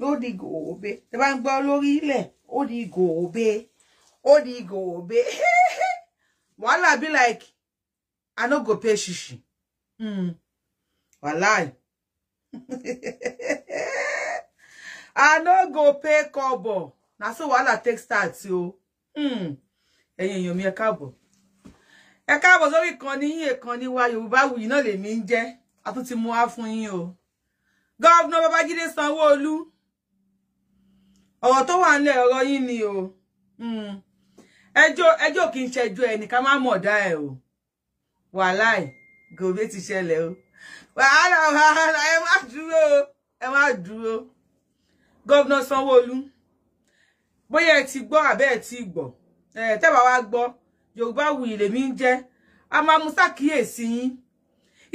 ló di gòòbe tí bá ń gbọ́ lórí ilẹ̀ ó di gòòbe ó di gòòbe wàhálà be like i no go pay shishi mm. wàláì i no go pay kọ́bọ̀ na so wàhálà take start o hmm. ẹ̀yin èèyàn mi ẹ káàbọ̀ ẹ káàbọ̀ sórí ìkànnì yín ìkànnì wa yorùbá wùyí náà lèmi ń jẹ́ a tún ti mú wá fún yín o gọ́vnà babájídé sanwó ọ̀rọ̀ tó wà nílẹ̀ ọ̀rọ̀ yín ni o hmm. ẹjọ́ ẹjọ́ kì í ṣẹjọ́ ẹ̀ nìkan má mọ̀ dá ẹ̀ o wàláì gòbé ti ṣẹlẹ̀ o wàhálà wàhálà ẹ má dúró ẹ má dúró gọ́vnà Sanwó-Olú bóyá ẹ ti gbọ́ àbẹ́ ẹ ti gbọ́ ẹ tẹ́wàá wá gbọ́ Yorùbá Wuyì lèmi ń jẹ́ a máa mú ṣàkíyèsí yín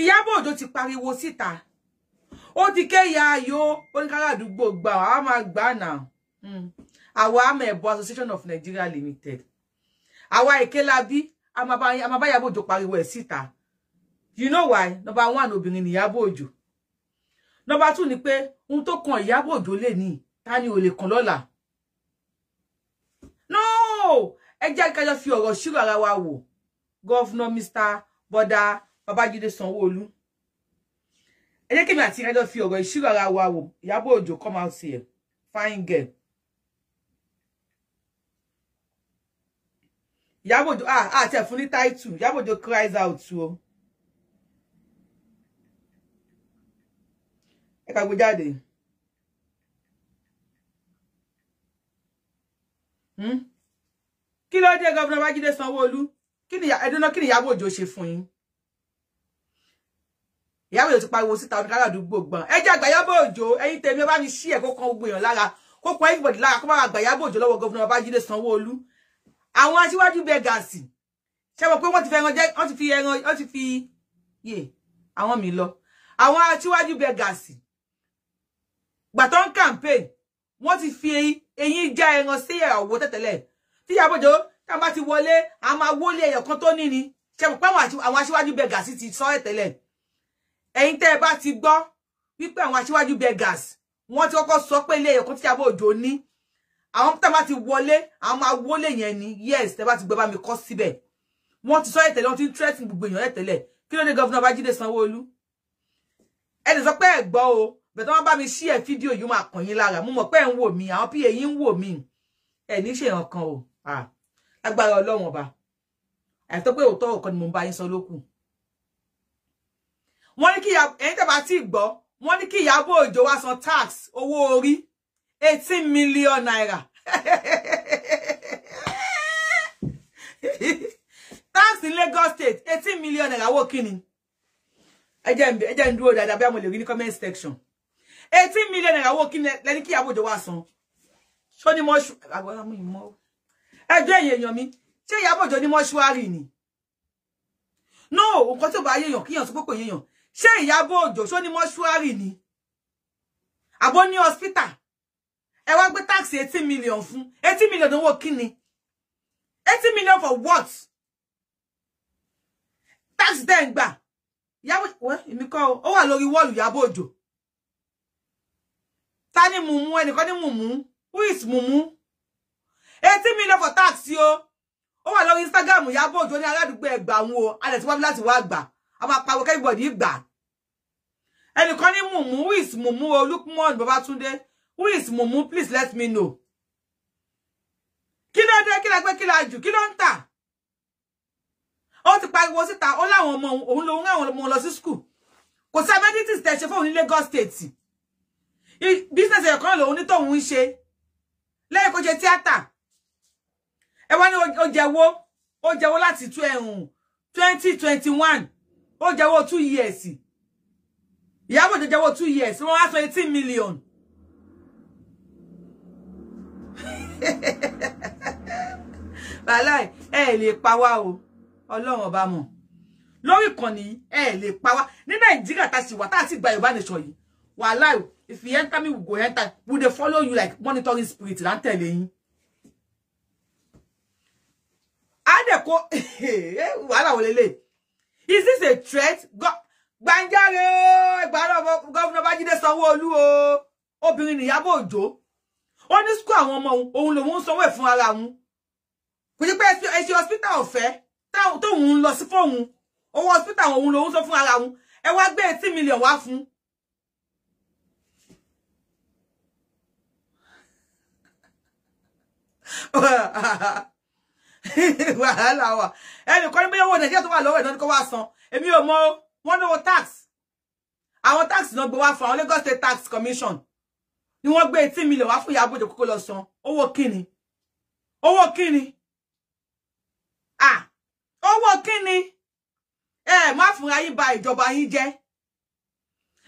Ìyábọ̀ Òjó ti pariwo síta ó ti kéyà ayò oníkàrà àdúgbò gbà á máa gbà náà Mm. àwa amẹ̀bọ association of nigeria limited àwa ìkélábí amabayabo òjò pariwo ẹ̀ síta you know why number one obìnrin nìyàbọ̀ òjò number two ni pé ohun tó kan ìyàbọ̀ òjò lè ní ta ni ò lè kàn lọ́la no ẹ jẹ́ kájọ fi ọ̀rọ̀ ṣírò ara wa wò gọ́fúnà mr bọ́dà babájídé sanwóolu ẹ jẹ́ kí mi àti ìrẹ́jọ́ fi ọ̀rọ̀ ìṣírò ara wa wò ìyàbọ̀ òjò come out here fine girl Ìyábọ̀ Òjó ah àti ah, ẹ̀fún ní táìtù Ìyábọ̀ Òjó cries out o. Ẹ ká gbé jáde. Hmm? Kí ló dé Gọ́vùnà Bájídé Sanwó-Olú? Kini ni ẹdúná kí ni Ìyábọ̀ Òjó ṣe fún yín? Ìyábọ̀ Òjó ti pariwo síta oníkálà àdúgbò gbọ̀n. Ẹ jẹ́ àgbàyábọ̀ Òjó ẹ̀yin tèmi ẹ bá mi ṣí ẹ̀kọ́ kan gbìyàn lára kó pọn everybody lára kó má àgbàyábọ̀ Òjó lọ́wọ́ Gọ́vùnà Bájídé Sanwó-Olú àwọn aṣíwájú bẹ́gàsì ṣe mọ̀ pé wọ́n ti fi ẹran jẹ́ wọ́n ti fi ẹran wọ́n ti fi yè àwọn mi lọ àwọn aṣíwájú bẹ́gàsì gbàtọ́ ń campaign wọ́n ti fi eyín já ẹran sí ọ̀wọ́ tẹ̀tẹ̀lẹ̀ tí Ìyábọ̀jọ́ tá a bá ti wọlé a máa wọlé ẹyọ kan tó ní ni ṣe mọ̀ pé àwọn aṣíwájú bẹ́gàsì ti sọ ẹ̀ tẹ́lẹ̀ ẹ̀yin tẹ́ ẹ bá ti gbọ́ wípé àwọn aṣíwájú bẹ́gàsì wọ́n ti kọ́kọ́ sọ pé ilé ẹyọ kan tí Ìyábọ̀jọ́ ní àwọn tá bá ti wọlé àwọn máa wọlé yẹn ni yes tẹ́ bá ti gbé bá mi kọ́ síbẹ̀ wọ́n ti sọ ẹ̀ tẹ́lẹ̀ wọ́n ti ń threaten gbogbo èèyàn ẹ̀ tẹ́lẹ̀ kí ló dé gọ́vnà Babájídé Sanwó-Olú ẹ lè sọ pé ẹ̀ gbọ́ o bẹ̀tẹ̀ wọ́n bá mi ṣí ẹ̀ fídíò yìí máa kàn yín lára mo mọ̀ pé ẹ̀ ń wò mí àwọn pa yín ń wò mí ẹ̀ ní ṣe hàn kan o agbára Ọlọ́run ọba àìtọ́ pé òótọ́ ọ̀kan ni mo ń bá yín sọ lókù wọ́n ní kí ẹ̀yin tẹ́ bá ti gbọ́ wọ́n ní kí Ìyábọ̀ Òjó wá san tax owó orí eighteen million naira tax in Lagos state eighteen million naira owó kíni ẹ jẹ́ ń dúró dáadáa bí àwọn olè rí ní comment section eighteen million naira owó kíni lẹni kí ìyàwó ìjọba san ṣó ní mọ́ṣú àgbàlá mú ìmọ̀ ẹjọ́ ẹ̀yìn èèyàn mi ṣé Ìyábọ̀ Òjó ní mọ́ṣúárì ni no nǹkan tí ò bá yéèyàn kíyàn sọ pé kò yéèyàn ṣé Ìyábọ̀ Òjó ṣó ní mọ́ṣúárì ni àbó ní hospital ẹ wá gbé tax 18 million fún 18 million don wo kíni 18 million for what tax den gba yawo we èmi kọ́ ó wà lórí wall ya bojo. tani mumu ẹnìkan ni mumu who is mumu 18 million for tax yo ó wà lórí Instagram Ìyábọ̀ Òjó ní aládùúgbò ẹgbà wọn o a lè ti wá láti wá gbà a máa pariwo everybody gbà ẹnìkan ni mumu who is mumu o Lukman babatunde who is mumu please let me know Kilo ló dé kí la ju, kilo nta. jù kí ló ń tà ó ti pariwo síta ó láwọn ọmọ òun lòun àwọn ọmọ lọ sí school kò sí amenities tẹ ṣe fóun ní Lagos state business e lòun ní tóun ń ṣe lẹ́yìn kó ṣe tíátà ẹ wá ní ó jẹ́wó ó jẹ́wó láti tú ẹ̀hún twenty twenty one ó jẹ́wó two years ìyàwó jẹ́wó two years wọ́n á sọ eighteen million. wàláì ẹ lè pa wá o ọlọ́run ọba mọ̀ lórí ìkànnì ẹ lè pa wá ní nàìjíríà tá a sì wà tá a sì gba yorùbá nation yìí wàláì if you enter me we go enter we dey follow you like monitoring spirit là ń tẹ̀lé yín. a dẹ̀ kó wàhálà wọlé lè is this a threat Gbanjare o ìgbàlọ́ gọ́fúnà Babájídé Sanwó-Olú o obìnrin nìyàbọ̀ Òjó ó ní school àwọn ọmọ òun òun lòun ń sanwó ẹ̀ fún ara òun kò jẹ́ pé ẹsẹ̀ hospital ọ̀fẹ́ tóun ń lọ sí fóun owó hospital òun lòun sọ fún ara òun ẹ wá gbé eighty million wa fún un wàhálà wà ẹnì kan níbi owó nàìjíríà tó wà lọ́wọ́ ìdánwò kó wá san èmi ò mọ wọn lówó tax àwọn tax náà gbé wa fun. àwọn Lagos State Tax Commission ni wọ́n gbé 18 million wá fún Ìyábọ̀ Òjó kókó lọ san owó kíni owó kíni ah owó kíni eh má fúnra yín ba ìjọba yín jẹ́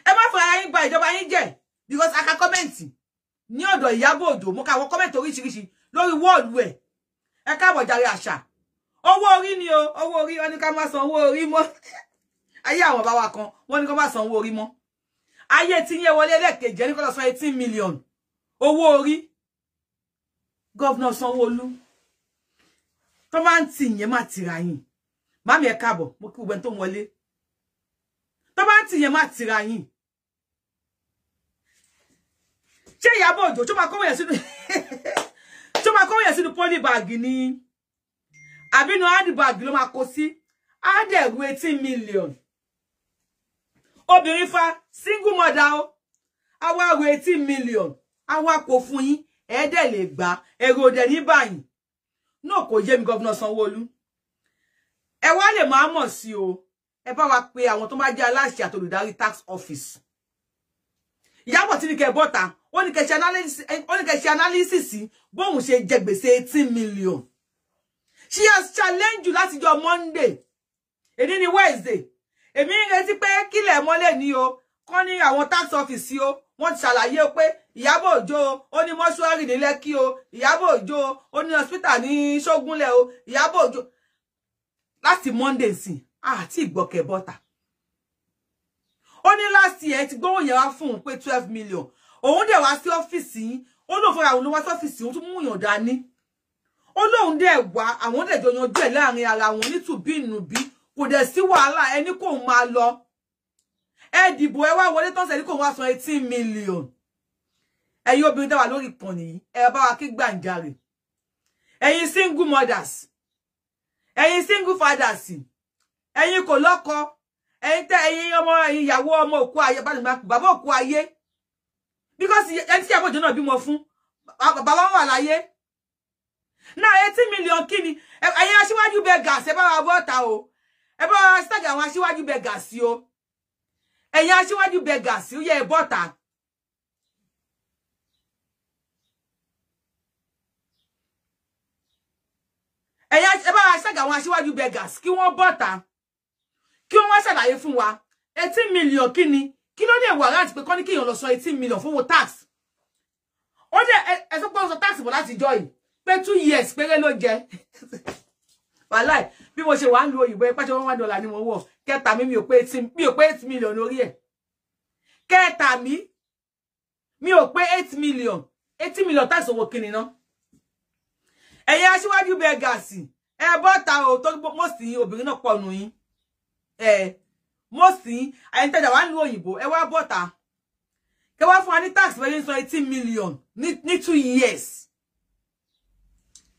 ẹ má fúnra yín ba ìjọba yín jẹ́ because aka comment ní ọ̀dọ̀ Ìyábọ̀ Òjó mo ka wọ́n comment oríṣiríṣi lórí wall we ẹ ká bọ̀ jàre àṣà owó orí ni o owó orí wọ́n ní ká má san owó orí mọ́ ayé àwọn bá wa kan wọ́n ní ká má san owó orí mọ́ Aye, tí yẹn wọlé ẹlẹ́ẹ̀kejì ẹni kọ́lọ́ san eighteen million owó orí governor sanwó-olú tó bá ń tì yẹn má mami ẹ káàbọ̀ mo kí gbogbo ẹni tó ń wọlé tó bá ń tì yẹn má tìra yín ṣé Ìyábọ̀ Òjó tó máa kọ́wọ́ yẹn sínú tó máa kọ́wọ́ yẹn sínú pọ́lì eighteen million obìnrin fa single mother o àwa ro eighteen million àwa kò fún yín ẹ̀ẹ́dẹ̀ lè gbà ẹ̀rọ òdẹ ní báyìí náà kò yé mi governor Sanwoolu, olú ẹ wá lè máa mọ̀ sí o ẹ bá wa pe àwọn tó bá jẹ́ aláṣẹ àtolùdarí tax office Ìyábọ̀ tí ní kẹ bọ́ta ó ní kẹ ṣe analysis bóun ṣe jẹ gbèsè eighteen million she has challenged you last jọ Monday èdè ni Wednesday èmi ń retí pé kílẹ̀ mọ́lẹ̀ ni o kán ní àwọn tax office o wọ́n ti ṣàlàyé o pé Ìyábọ̀ Òjó o ó ní mọ́ṣúárì ní Lẹ́kí o Ìyábọ̀ Òjó o ó ní hospital ní Ṣógúnlẹ̀ o Ìyábọ̀ Òjó láti Monday sìn àti ìgbọ̀kẹ̀ bọ́tà ó ní last year ti gbówó yẹn wá fún un pé twelve million òun dẹ̀ wá sí ọ́fíìsì yín ó lóun fúnra òun ló wá sí ọ́fíìsì òun tún mú yàn dání ó lóun dẹ̀ wá àwọn dẹ̀ jọ yanjú ẹ̀ láàrin ara wọn nítùbí ìnùbí kò si wàhálà ẹni ma lọ ẹ dìbò ẹ wá wọlé million ẹ̀yin obìnrin lórí ìkànnì yìí ẹ bá wa kí single mothers eyi single fathers ẹ̀yin kò lọ́kọ ẹ̀yin omo eyi yawo omo ìyàwó aye bàbá òkú ayé because ẹni tí náà bímọ fún bàbá million kini eyi gà Ebo bá wa tag àwọn aṣíwájú bẹ̀gà sí o ẹ̀yin aṣíwájú bẹ̀gà sí ó yẹ ẹ bọ́ta. ebo ẹ bá wa tag àwọn aṣíwájú bẹ̀gà sí kí wọ́n bọ́ta kí wọ́n wá wa eighteen million kini. Ki kí ló dé warrant koni ki kéèyàn lọ sọ eighteen million fowó tax ó dé e so pé ó tax bọ̀ láti jọ yìí pé two years péré ló jẹ wàláì bí mo ṣe wà ń lu òyìnbó ipá ṣe one dollar ni mo wọ̀ kẹta mi mi ò pé eight ò pé eight million orí ẹ̀ kẹta mi mi ò pé eight million eight million tá ìṣòwò kìnnì náà ẹ̀yin aṣíwájú bẹ́ẹ̀ gàásì ẹ bọ́ta o tó mọ̀ sí obìnrin náà pọ̀ nù yín ẹ mọ̀ sí ẹ̀yin wà ń lu òyìnbó ẹ wá bọ́ta kẹ wá fún wa ní tax bẹ́ẹ̀ ń eighteen million ní two years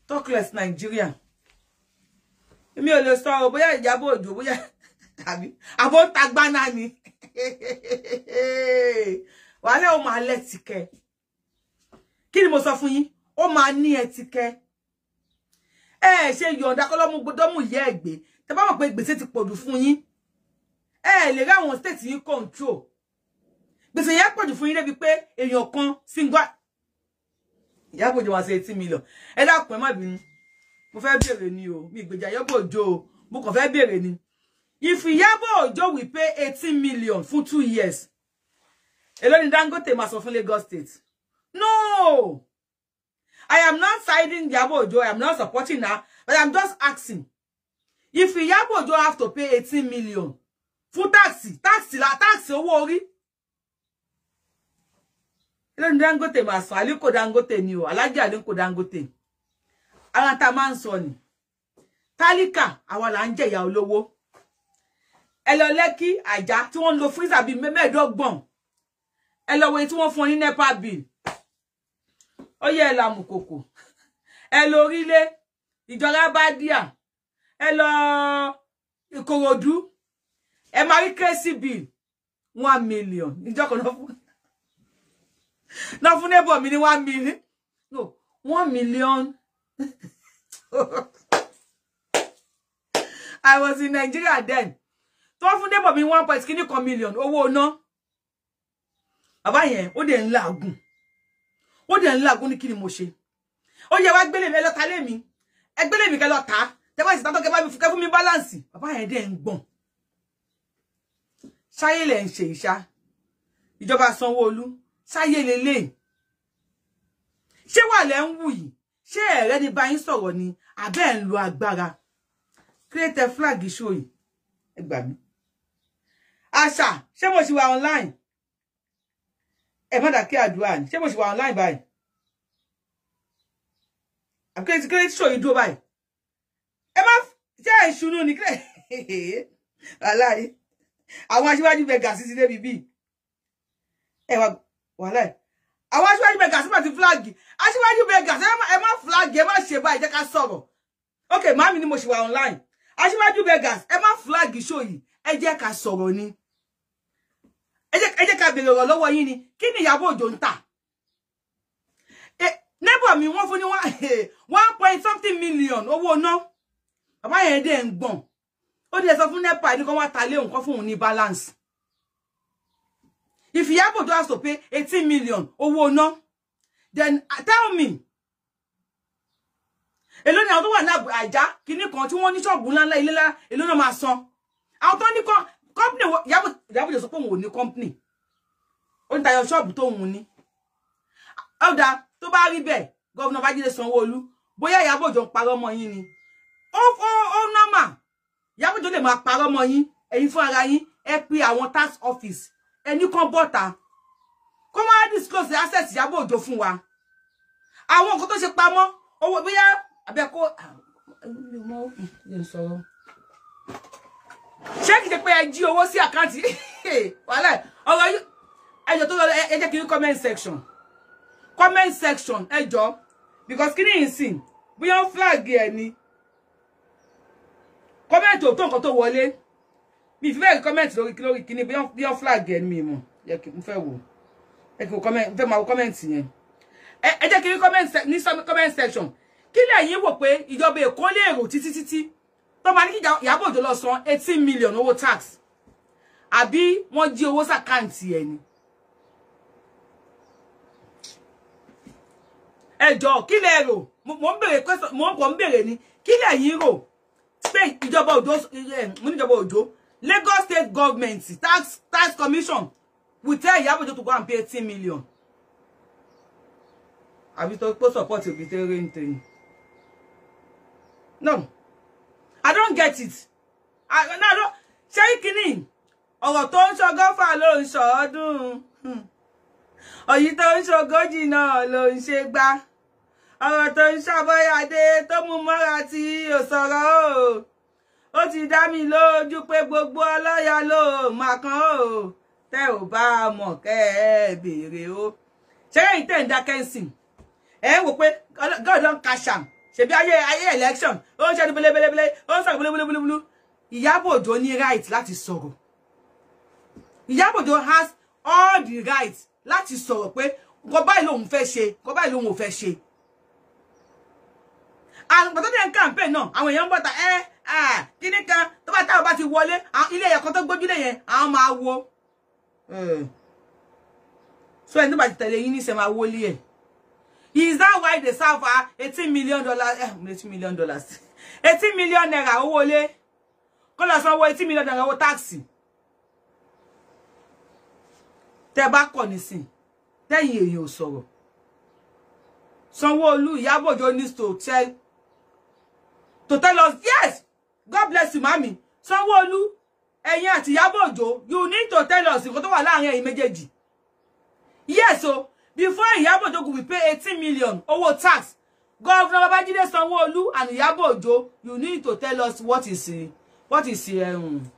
talk less Nigeria. mi ò lè sọ ọ bóyá Ìyábọ̀ Òjó bóyá àbí àbọ̀ ń ta gbáná ni wàhálà ó máa lẹ́tìkẹ́ kí ni mo sọ fún yín ó máa ní ẹtìkẹ́ ẹ ṣe yọ̀ǹda kọ́lọ́mú gbọdọ́mù yẹ ẹ̀gbẹ́ tẹ bá mọ̀ pé gbèsè ti pọ̀jù fún yín ẹ lè rí àwọn state yín control gbèsè yẹn pọ̀jù fún yín débi pé èèyàn kan single Ìyábọ̀ Òjó wá sí eighteen million ẹ dákun ẹ má bínú mo fẹ́ bèrè ni o mi gbèjà Ìyábọ̀ mo kàn fẹ́ bèrè ni if Ìyábọ̀ we pay 18 million for two years èló Dangote máa san fún Lagos State no I am not siding Ìyábọ̀ Òjó I am not supporting her but I am just asking if Ìyábọ̀ Òjó have to pay 18 million for taxi. Taxi, la taxi, owó orí èló Dangote máa san Aliko Dangote ni o Alhaji Aliko Dangote ara tá a máa ń sọ ni tálíkà àwa là ń jẹ̀yà olówó ẹ lọ lẹ́kí àjà tí wọ́n ń lo freezer bíi mẹ́ẹ̀ẹ́dọ́gbọ̀n ẹ lọ wo tí wọ́n fún ní nepa bill ó yẹ ẹ kòkò ẹ lọ orílẹ̀ ìjọra bá díà ẹ lọ ìkòròdú ẹ máa rí kérésì bill one million ìjọkọ̀ náà fún náà fún neighbor mi ní one million no one million I was in Nigeria then. Tó fún Débọ̀ mi 1.1 million owó ná. Bàbá yẹn ó dẹ̀ ń làágùn. Ó dẹ̀ ń làágùn ní kí ni mo ṣe. Ó yẹ wá gbélé mi lọ́ta lé mi. Ẹ gbélé mi kẹ́ lọ tà. Tẹ́ bá sì ta tó kẹ́ bá mi fún mi balance. Bàbá yẹn dẹ̀ ń gbọ̀n. Ṣáyé lẹ̀ ń ṣe ìṣá. Ìjọba Sanwó-Olú. Ṣáyé lélẹ̀. Ṣé wà lẹ́ ń wù yìí? ṣé ẹ̀rẹ́ ni bá yín sọ̀rọ̀ ni àbẹ́ ẹ̀ ń lo agbára create a flag show yìí ẹ gbà mí àṣà ṣé mo ṣì wà online ẹ má dàkẹ́ àdúrà ni ṣé mo ṣì wà online báyìí àkúrẹ́ ti create show yìí dúró báyìí ẹ má ṣe ìṣúnú ni kílẹ̀ wàláì àwọn aṣíwájú bẹ gà sí ti débi bíi ẹ wà wàláì àwọn aṣíwájú bẹ̀gà sí màtí fúláàgì aṣíwájú bẹ̀gà sí ẹ má fúláàgì ẹ má ṣe báyìí jẹ́ ká sọ̀rọ̀ ok màámi ni mo ṣe wà online aṣíwájú bẹ̀gà ẹ má fúláàgì ṣó yìí ẹ jẹ́ ká sọ̀rọ̀ ni ẹ jẹ́ ká bèrè ọ̀rọ̀ lọ́wọ́ yín ni kí ni Ìyábọ̀ Òjó ń tà e, neighbor mi wọ́n fún ní one point something million owó ná bàbá yẹn dẹ̀ ń gbọ̀n ó dẹ̀ sọ fún nepa ẹni kan wá ta lé òun kan fún òun ní balance If Iyabo has to pay 18 million, oh well no. then uh, tell me. Èló ni àwọn tó wà ní Àjà, kinní kan tí wọ́n ní ṣọ́ọ̀bù ńlá ńlá ilé ńlá, èló ni wọ́n máa san. Àwọn tó ní kọ́ company Yabo, Yabo, jẹ́ sọ pé òun ò company. Ó ń tayọ ṣọ́ọ̀bù tó òun ní. Ọ̀dà tó bá rí bẹ́ẹ̀, Gọ́vnà Bájídé Sanwó-Olú, bóyá Iyabo Òjó ń parọ́ mọ́ yín ni. Ó ó ó nọ́mà. Iyabo Òjó lè máa parọ́ mọ́ yín, ẹ̀yin fún ara yín, ẹ pe àwọn tax office ẹni kan bọ́ta kó wá disclose assets access Ìyábọ̀ Òjó fún wa àwọn nǹkan tó ṣe pamọ́ owó bóyá àbẹ́kó ṣé kìí ṣe pé ẹ jí owó sí àkáǹtì wàhálà ọ̀rọ̀ ẹjọ́ tó lọ ẹ jẹ́ kí n comment section comment section ẹjọ́ because kí ni ìsìn bóyá flag ẹ ni comment tó tó nǹkan tó wọlé mi fi fẹ́ comment lórí lórí kíní bí wọ́n flag ẹ̀ mi mọ̀ yẹ kí n fẹ́ wò ẹ comment fẹ́ máa wo comment yẹn ẹ jẹ́ kí comment ní comment section kí lẹ́yìn wò pé ìjọba èkó lè rò títí títí tó máa ní kí Ìyábọ̀ Òjó lọ san eighteen million owó tax àbí wọ́n jí owó sàkáǹtì ẹ̀ ni. ẹjọ́ kí lẹ rò mo ń bèrè mo ń pọ̀ ń bèrè ni kí lẹ́yìn rò pé ìjọba Òjó mo níjọba Òjó Lagos state government tax tax commission will tell Iyabo Ojo to go and pay 18 million. Have you pọ̀ support to Obitere ntin. No. I don't get it. I no, no. Ṣé kíni ọ̀rọ̀ tó ń ṣọgọ́fà ló ń sọ ọdún. Hmm. Ọ̀yí tó ń ṣogójì náà ló ń ṣe gbá. Ọ̀rọ̀ tó ń ṣàbọ̀yàdé tó mú mọ́ra tí ò sọ̀rọ̀ o ó ti dá mi lójú pé gbogbo ọlọ́yà ló mà kan o tẹ́ ò bá a mọ̀ kẹ́ ẹ béèrè o ṣé ẹ̀yin tẹ̀ ń dá kẹ́ńsìn ẹ̀ ń wò pé God don cash am ṣebí ayé ayé election ó ń ṣe ní belebelebele ó ń sọ̀rọ̀ belebelebele Ìyábọ̀ Òjó ní right láti sọ̀rọ̀ Ìyábọ̀ Òjó has all the right láti sọ̀rọ̀ pé kò báyìí lòun fẹ́ ṣe kò báyìí lòun ò fẹ́ ṣe àgbàtọ́dẹ̀ campaign náà àwọn èèyàn ń bọ̀ta ẹ́ eh, kíní kan tó bá táwọn bá ti wọlé ilé ẹ̀yà kan tó gbójúlé yẹn àwọn máa wo hmm. so ẹni tó bá ti tẹ̀lé yín níṣẹ́ máa wọlé ẹ̀ is that why they serve 18 million dollars Eh, 18 million dollars 18 million naira owó lé kó lọ sanwó 18 million naira owó táàsì tẹ́ bá kọ̀ nísìn tẹ́yìn èèyàn ò sọ̀rọ̀ Sanwó-Olú Ìyábọ̀ Òjó needs to tell to tell us yes God bless you mami Sanwó-Olú ẹ̀yin àti Ìyábọ̀ Òjó you need to tell us nǹkan to wà láàrin ẹ̀yin méjèèjì yes o before Ìyábọ̀ Òjó we pay eighteen million owó tax Governor Babajide Sanwó-Olú and Ìyábọ̀ Òjó you need to tell us what is what is um,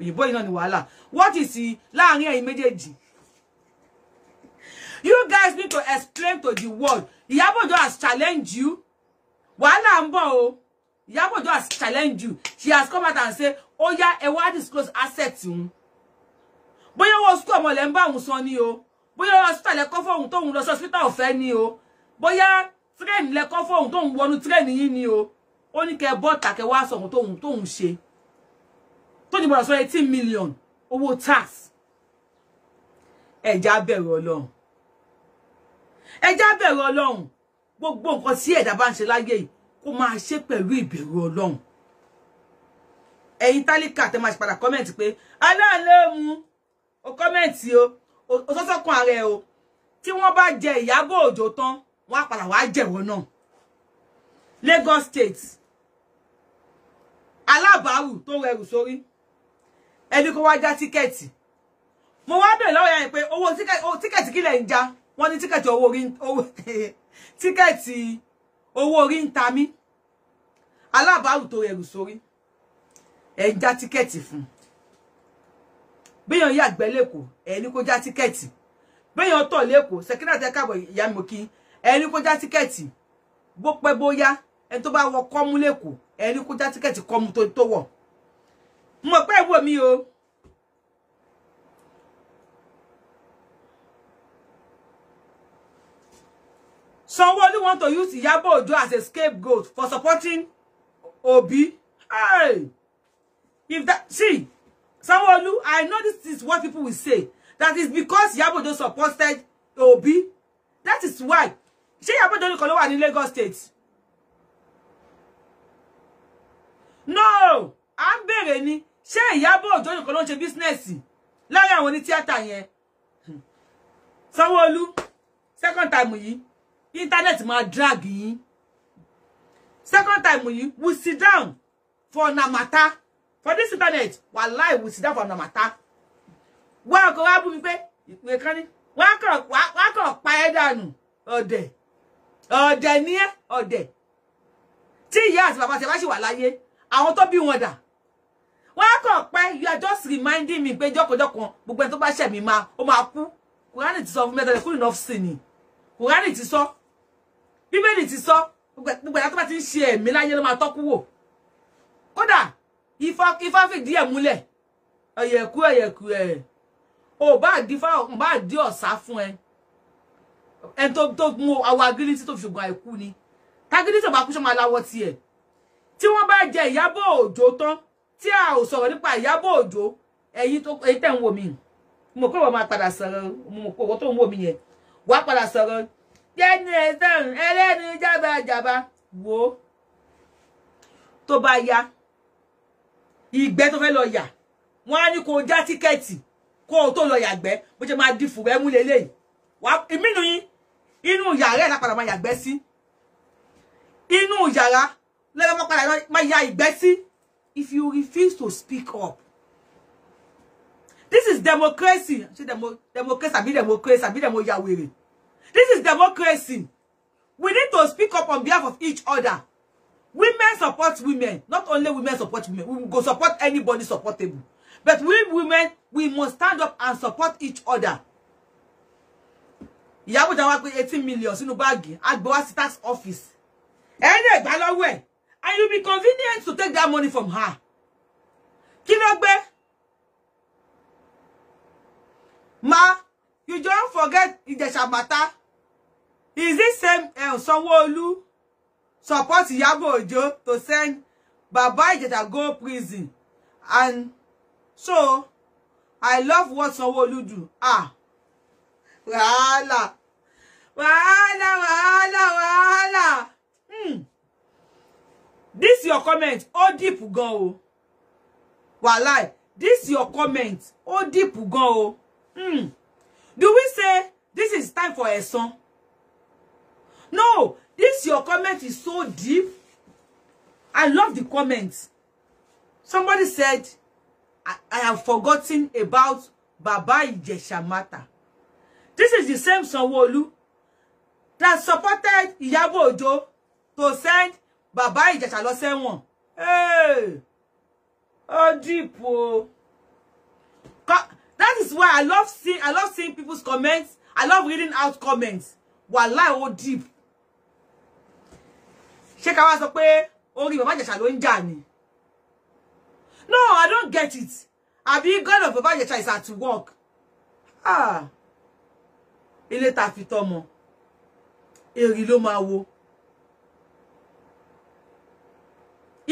òyìnbó yìí náà ni wàhálà what is láàrin ẹ̀yin méjèèjì you guys need to explain to the world Ìyábọ̀ Òjó has challenged you wàhálà ń bọ̀ o. Ìyábọ̀ Òjó has challenged you. She has come out and say, ó oh, yá ẹ wá disclose assets un. Bóyá owó school ọmọ lẹ ń bá òun But you o. Bóyá hospital lẹ kọ́ fóun tóun lọ hospital ọ̀fẹ́ ni o. Bóyá train lẹ kọ́ fóun tóun wọnú train yìí ni o. Ó ní kẹ́ bọ́ta kẹ́ wá sọ̀hún tóun tóun ṣe. Tó ní bọ̀rọ̀ sọ eighteen million owó tax. Ẹja bẹ̀rù Ọlọ́run. Ẹja bẹ̀rù Ọlọ́run. Gbogbo nǹkan tí ẹ̀dá bá ń ṣe láyé kó máa ṣe pẹ̀lú ìbẹ̀rù ọlọ́run ẹ̀yin tálíkà tẹ́ máa ṣe padà kọ́mẹ̀ntì pé aláàlẹ́mu o kọ́mẹ̀ntì o o sọ́sọ́ kan ààrẹ o tí wọ́n bá jẹ Ìyábọ̀ Òjó tán wọ́n á padà wá jẹ̀wọ́ náà Lagos State alábàárù tó rẹrù sórí ẹni kó wá já tíkẹ́ẹ̀tì mo wá bèèrè lọ́wọ́ yẹn pé owó tíkẹ́ẹ̀tì kílẹ̀ ń já wọ́n ní tíkẹ́ẹ̀tì owó orí tíkẹ́ẹ̀tì owó orí ń ta mí alábàárù tó rẹrù sórí ẹ já tíkẹ́ẹ̀tì fún béèyàn yàgbẹ́ lẹ́kọ̀ọ́ ẹ ní kó já tíkẹ́ẹ̀tì béèyàn tọ̀ lẹ́kọ̀ọ́ sẹkírẹ́tì káàbọ̀ ìyá mi kí ẹ ní kó já tíkẹ́ẹ̀tì bó pẹ́ bóyá ẹni tó bá wọ kọ́mú lẹ́kọ̀ọ́ ẹ ní kó já tíkẹ́ẹ̀tì kọ́mú tó wọ̀ mo pẹ́ wò mí o. Somebody want to use Yabo Ojo as a scapegoat for supporting Obi. Hey, if that see, sanwo I know this is what people will say. That is because Yabo Ojo supported Obi. That is why. Ṣé Yabo Ojo nìkan ló wà ní Lagos State? No, I'm ń bèrè Say Yabo Iyabo Ojo nìkan ló ń ṣe bísínẹ́sì láàrin àwọn oní tíátà yẹn? second time yìí internet máa drag yín second time yìí we sit down for na matter for this internet wallahi we sit down for na matter wọ́n àkọ́ wá bú mi pé ìpín kan ní wọ́n àkọ́ pa ẹ́ dànù ọ̀dẹ̀ ọ̀dẹ̀ ní ẹ́ ọ̀dẹ̀ tí ìyá àti bàbá ṣe bá ṣì wà láyé àwọn to bí wọn dà wọ́n àkọ́ pẹ́ you are just reminding me pé jọ́kọ̀jọ́kan gbogbo ẹni tó bá ṣẹ̀ mí máa ó máa kú kùránì ti sọ fún mẹ́tẹ̀lẹ̀ kúrò náà sí ni kùránì ti sọ bíbélì ti sọ gbogbo ẹ̀yà tó bá ti ń ṣe ẹ̀mí láyé ló máa tọ́kú wò kódà ifá fìdí ẹ̀ múlẹ̀ ẹ̀yẹ̀kú ẹ̀yẹ̀kú ẹ̀ ò bá di fá ò bá di ọ̀sá fún ẹ ẹni tó tó mú awọ agilítí tó fi ṣògùn àìkú ni tagídí tó bá kú sọ́mọ aláwọ̀ tiẹ̀ tí wọ́n bá jẹ Ìyábọ̀ Òjó tán tí a ò sọ̀rọ̀ nípa Ìyábọ̀ Òjó ẹ̀yin tó ẹ̀yin tẹ̀ ń wò mí mo kúrò wọ́n máa padà sọ̀rọ̀ mo kúrò wọ́n tó ń wò mí yẹn wàá padà sọ̀rọ̀ jẹ́ni ẹ̀sán ẹlẹ́ni jábàjábà wo tó bá ya ìgbẹ́ tó fẹ́ lọ yà wọ́n á ní kó já tíkẹ́ẹ̀tì kó o tó lọ yàgbẹ́ bó ṣe máa di fùwẹ́ mú lélẹ́yìn wà ìmínú yín inú yàrá ẹ̀ lápadà máa yàgbẹ́ sí inú yàrá lẹ́gbẹ́ máa máa ya ìgbẹ́ sí if you refuse to speak up this is democracy ṣe democracy àbí democracy àbí demo yàwèrè. Demo This is democracy. We need to speak up on behalf of each other. Women support women. Not only women support women. We go support anybody supportable. But we women, we must stand up and support each other. Ìyàwó Jàwá pé 18 million sínú bagi at boasi tax office. Ẹni ẹ̀gbá lọ́wọ́ And it will be convenient to take that money from her. Kí ló Ma, you don't forget Ìjẹ̀ṣà bàtà. Is this same uh, Sanwo-Olu support Yago Ojo to send Baba Ijeta go prison? And so, I love what Sanwo-Olu do. Ah, wahala, wahala, wahala, wahala. Hmm. This your comment, ó deep gan o. Wallahi, this your comment, ó deep gan o. Hmm. Do we say this is time for a song? No, this your comment is so deep. I love the comments. Somebody said, I, I have forgotten about Baba Ijesha This is the same Sanwo-Olu that supported Iyabo Ojo to send Baba Ijesha lọ Hey, oh deep oh. That is why I love seeing I love seeing people's comments. I love reading out comments. Wallahi, oh deep ṣé ká wá sọ pé orí bàbá ìjẹ̀ṣà ló ń jà ni no i don't get it àbí god of bàbá ìjẹ̀ṣà is at work ah ilé ta fi tọmọ èrì ló máa wo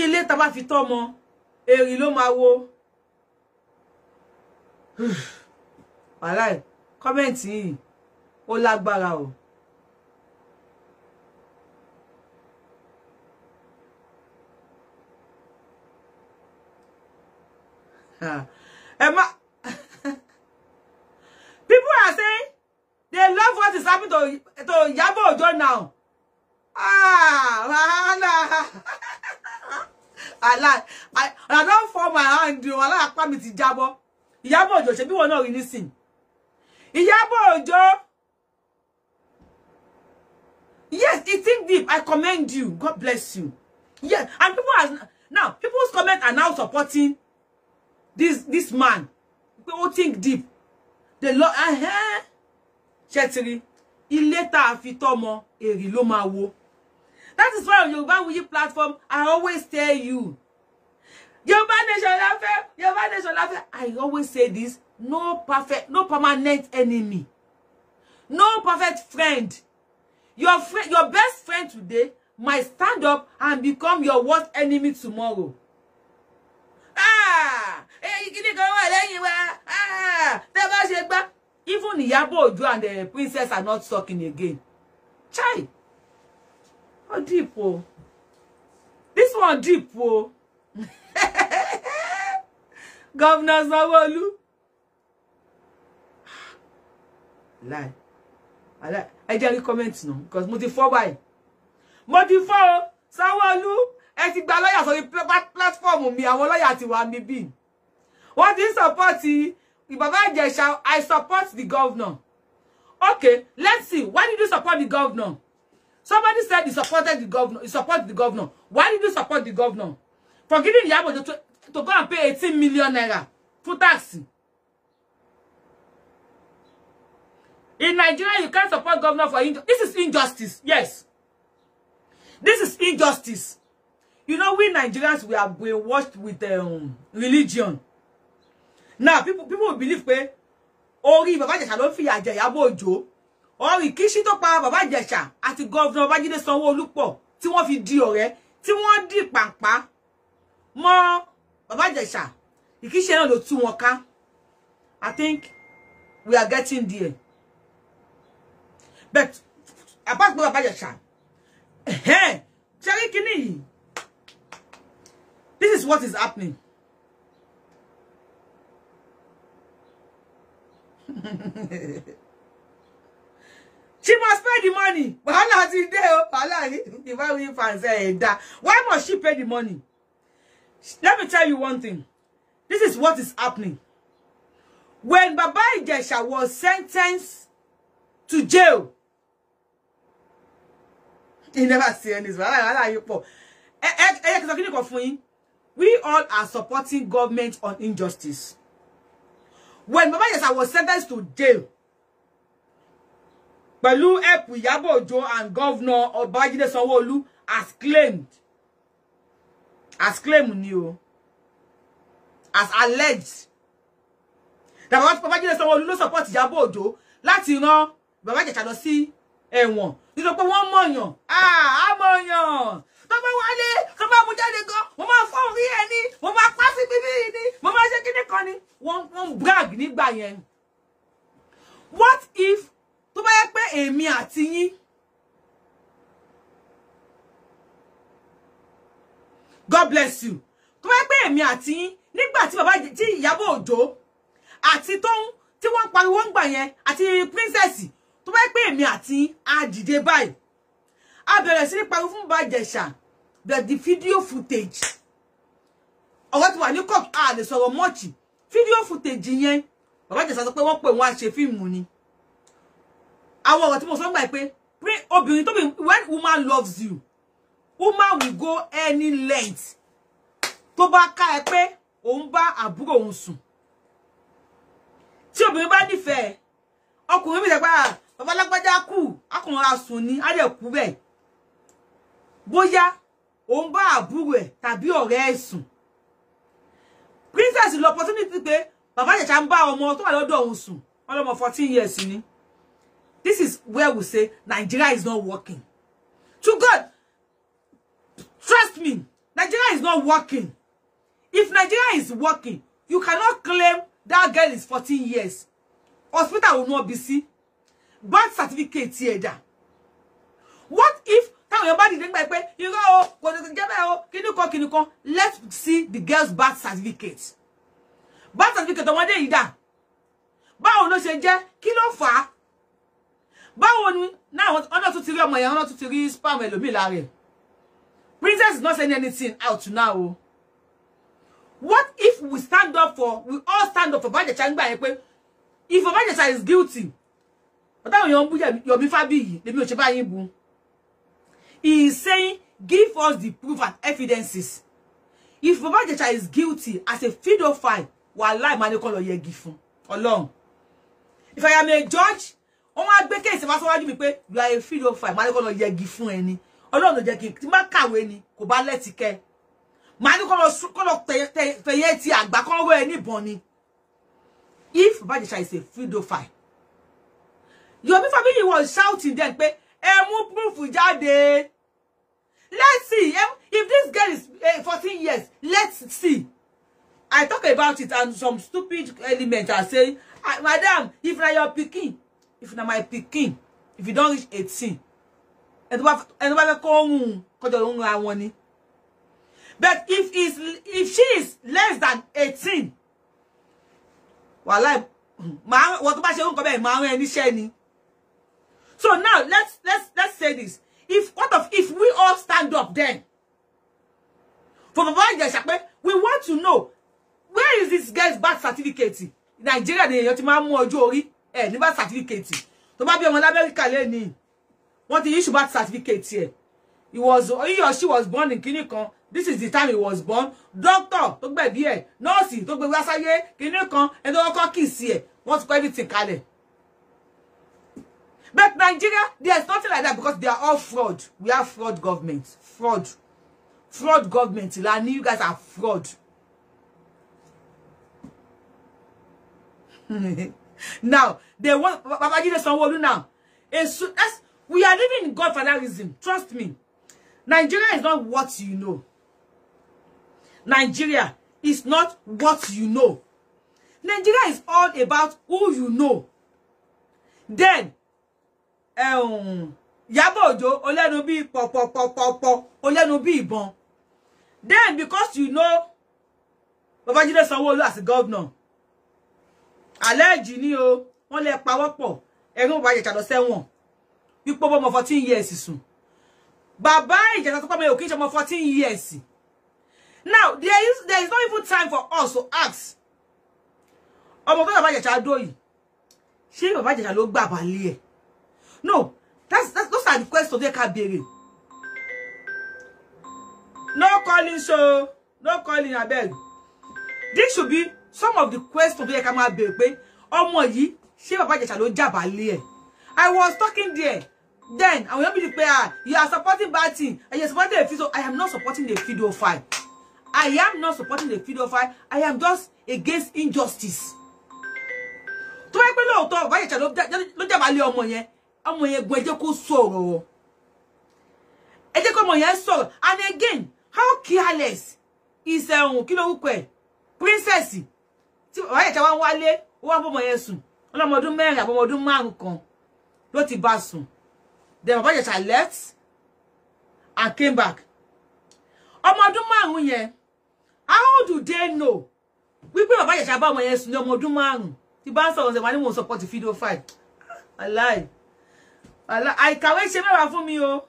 ilé ta bá fi tọmọ èrì ló máa wo wàhálà kọ́mẹ́ǹtì yìí ó lágbára o. Ah. Emma, people are saying they love what is happening to to Iyabo Ojo now. Ah, wahala. I, I, I don't fall my hand. You wahala apá mi to jábọ́. Iyabo Ojo ṣebí wọn náà rí nísìn. Iyabo Ojo. Yes, it's think deep. I commend you. God bless you. Yes, and people are now people's comments are now supporting this this man pé ó think deep the lord eh? ilé tá a fi tọmọ èrè ló máa wo that is why on Yorubawuyi platform i always tell you Yoruba nation la fẹ́ Yoruba nation la i always say this no perfect no permanent enemy no perfect friend your friend your best friend today might stand up and become your worst enemy tomorrow ah èyí kìíní kan wà lẹ́yìn wa tẹ́ ah, bá ṣe gbá even Ìyábọ̀ Òjó and the eh, princess are not talking again chai ó deep o this one deep o governor Sanwó-Olú láì I jẹ́ rí kọ́mẹ́ǹtì náà because mo ti fọ́ báyìí mo ti fọ́ o sanwó ti gba lọ́ọ̀yà sórí platform mi àwọn lọ́ọ̀yà ti wà mí bíi wọ́n do you support bàbá ìjẹ̀ṣà i support the governor okay let's see why did you support the governor somebody said he supported the governor he supported the governor why did you support the governor for giving the Ojo to, to go and pay eighteen million naira for tax in Nigeria you can't support governor for injustice this is injustice yes this is injustice you know we Nigerians we are brainwashed with um, religion now people people believe pé orí bàbá Ìjẹ̀ṣà ló fi àjẹ Ìyábọ̀ Òjó orí Kishi tó pa bàbá Ìjẹ̀ṣà àti governor Babájídé Sanwó-Olú pọ̀ tí wọ́n fi di ọ̀rẹ́ tí wọ́n di papa, mo baba Ìjẹ̀ṣà Ìkíṣe náà ló tú wọn ká I think we are getting there but apart from baba Ìjẹ̀ṣà hey, ṣe kini, this is what is happening she must pay the money wahala ti dé o wahala yìí ìfẹ́ wí fans ẹ̀ why must she pay the money let me tell you one thing this is what is happening when Baba Ijesha was sentenced to jail he never seen this. wahala wahala yìí pọ̀ ẹ ẹ ẹ kìsọ̀ we all are supporting government on injustice. When Baba Yesa was sentenced to jail, pẹ̀lú help Iyabo Ojo and Governor Babajide Sanwo-Olu has claimed, has claimed ni o, has alleged that Babajide Sanwo-Olu No support Iyabo Ojo láti ran Baba Ijesha you sí ẹ̀wọ̀n one pé ah, mọ̀yàn àmọ̀yàn tó bá wálé tó bá mú jáde gan mo máa fọ́ orí ẹ ní máa pa sí bíbí ní mo máa ṣe kíní kan ní wọ́n brag nígbà yẹn what if tó bá yẹ pé èmi àti yín God bless you tó bá yẹ pé èmi àti yín nígbà tí bàbá tí Ìyábọ̀ Òjó àti tóun tí wọ́n pariwo ń gbà yẹn àti princess tó bá yẹ pé èmi àti yín á dìde báyìí a bẹ̀rẹ̀ sí ní pariwo fún bàjẹ̀ṣà but the video footage ọwọ́ ti wà ní court a lè sọ̀rọ̀ mọ́ọ̀chì fídíò footage yẹn bàbá Ìjẹ̀ṣà sọ pé wọ́n pè wọ́n á ṣe fíìmù ni àwọn ọ̀rọ̀ tí mo sọ gbà pé pé obìnrin tó bí when woman loves you woman will go any length tó bá ká ẹ pé òun bá àbúrò òun sùn tí obìnrin bá nífẹ̀ẹ́ ọkùnrin mi dẹ̀gbà ah, bàbá lágbájá kù akùnrin asùn ni á dẹ̀ kú bẹ́ẹ̀ bóyá ó ń bá àbúrò ẹ̀ tàbí ọ̀rẹ́ ẹ̀ princess lo opportunity pé baba ìjẹ̀ṣà ń bá ọmọ tó wà lọ́dọ̀ òun sùn ọlọ́mọ fourteen years ni this is where we say Nigeria is not working to God trust me Nigeria is not working if Nigeria is working you cannot claim that girl is fourteen years hospital will not be see birth certificate here da what if táwọn your body dìde gbà pé irọ́ o kò tètè jẹ́ can you kíní Can you kan let's see the girl's birth certificate birth certificate ọmọdé yìí dà báwo ló ṣe jẹ́ kí ló fà á báwo ni náà ọ̀nà tún ti rí ọmọ yẹn ọ̀nà tún spam ẹlòmíì lára princess is not saying anything out now what if we stand up for we all stand up for bàjẹ́sà ń gbà yẹn pé if bàjẹ́sà is guilty ọ̀tá òyìnbó Yomi Fabiyi lèmi ò ṣe báyìí bu. He is saying, give us the proof and evidences. If Baba Ijesha is guilty as a pedophile, wàhálà ìmánikọ́ lọ yẹgi fún Ọlọ́run. If I am a judge, wọ́n wá gbé kéèsì wá síwájú mi pé you are a pedophile, ìmánikọ́ lọ yẹgi fún ẹni. Ọlọ́run ló jẹ́ kí tí má kàwé ni kò bá lẹ́tìkẹ́. Ìmánikọ́ lọ fẹ̀yẹ́ ti àgbà kan wọ́ ẹni ìbọn ni. If Baba Ijesha is a pedophile, Yomi Fabiyi was shouting then pé ẹ mú proof jáde. Let's see. If this girl is 14 eh, years, let's see. I talk about it and some stupid element are saying, ah, Madam, if na your picking, if na my picking, if you don't reach 18, and what and what ohun kọjọ ló ń ra wọn But if, is, if she is less than 18, wàhálà wọ́n tó bá ṣe orúkọ bẹ́ẹ̀ máa rán ẹ So now let's, let's, let's say this if what of if we all stand up then for Baba Ijesha pé we want to know where is this guy's birth certificate Nigeria ni èèyàn ti máa mú ọjọ́ orí ẹ̀ ní birth certificate tó bá bí ọmọ l'Amẹ́ríkà lé ní wọ́n ti issue birth certificate ẹ̀ he was he or she was born in kinní this is the time he was born doctor tó gbẹ̀bí ẹ̀ nọ́ọ̀sì tó gbẹ̀bí asáyé kinní kan ẹni tó kọ́kọ́ kì í sí ẹ̀ wọ́n ti kọ́ everything kalẹ̀ But Nigeria, there's nothing like that because they are all fraud. We have fraud government. Fraud. Fraud government. Lani, you guys are fraud. now, they want Babajide Sanwo-Olu now. that's, we are living in God for that reason. Trust me. Nigeria is not what you know. Nigeria is not what you know. Nigeria is all about who you know. Then, Ìyábọ̀ Òjó ó lẹ́nu bí pọ̀pọ̀pọ̀pọ̀ ó lẹ́nu bí ìbọn then because you know Babájídé Sanwó-Olú as governor àlẹ́jì ni o wọ́n lè pawọ́pọ̀ ẹ̀rọ bàbá Ìjẹ̀ṣà lọ sẹ́wọ̀n pípọ́ bọ́mọ fourteen years sùn bàbá Ìjẹ̀ṣà tó pàmò òkè ìṣọmọ fourteen years now there is there is no even time for us to ask ọmọ tó bàbá Ìjẹ̀ṣà dó yìí ṣé bàbá Ìjẹ̀ṣà ló gbà balẹ̀ ẹ̀. No, that's, that's those are the questions they can be. No calling, so no calling abeg. This should be some of the questions they can be pé ọmọ she ṣé bàbá Ìjẹ̀ṣà ló jàbálẹ̀ ẹ̀. I was talking there. Then I will be the ah, you are supporting bad thing and you supporting the video. I am not supporting the video file. I am not supporting the video file. I am just against injustice. Tó bá pẹ́ lóòótọ́, bàbá Ìjẹ̀ṣà ló jàbálẹ̀ ọmọ yẹn ọmọ yẹn gun ẹ jẹ́ kó sọ̀rọ̀ ẹ jẹ́ kó ọmọ and again how careless is ẹ̀hún um, kí ló wúkọ ẹ̀ princess tí ọ̀rẹ́ ìta wọn wálé wọn bọ́mọ yẹn sùn ọlọ́mọ ọdún mẹ́rin àbọ̀mọ ọdún márùn kan ló ti bá sùn then bàbá ìjẹ̀sà left and came back ọmọ ọdún márùn yẹn how do they know wípé bàbá ìjẹ̀sà bá ọmọ yẹn sùn ní ọmọ ọdún márùn tí bá ń sọ̀rọ̀ ṣe wà ní mò ń support fídíò five aláì. Ah, àìkàwé ṣe mẹ́wàá fún mi o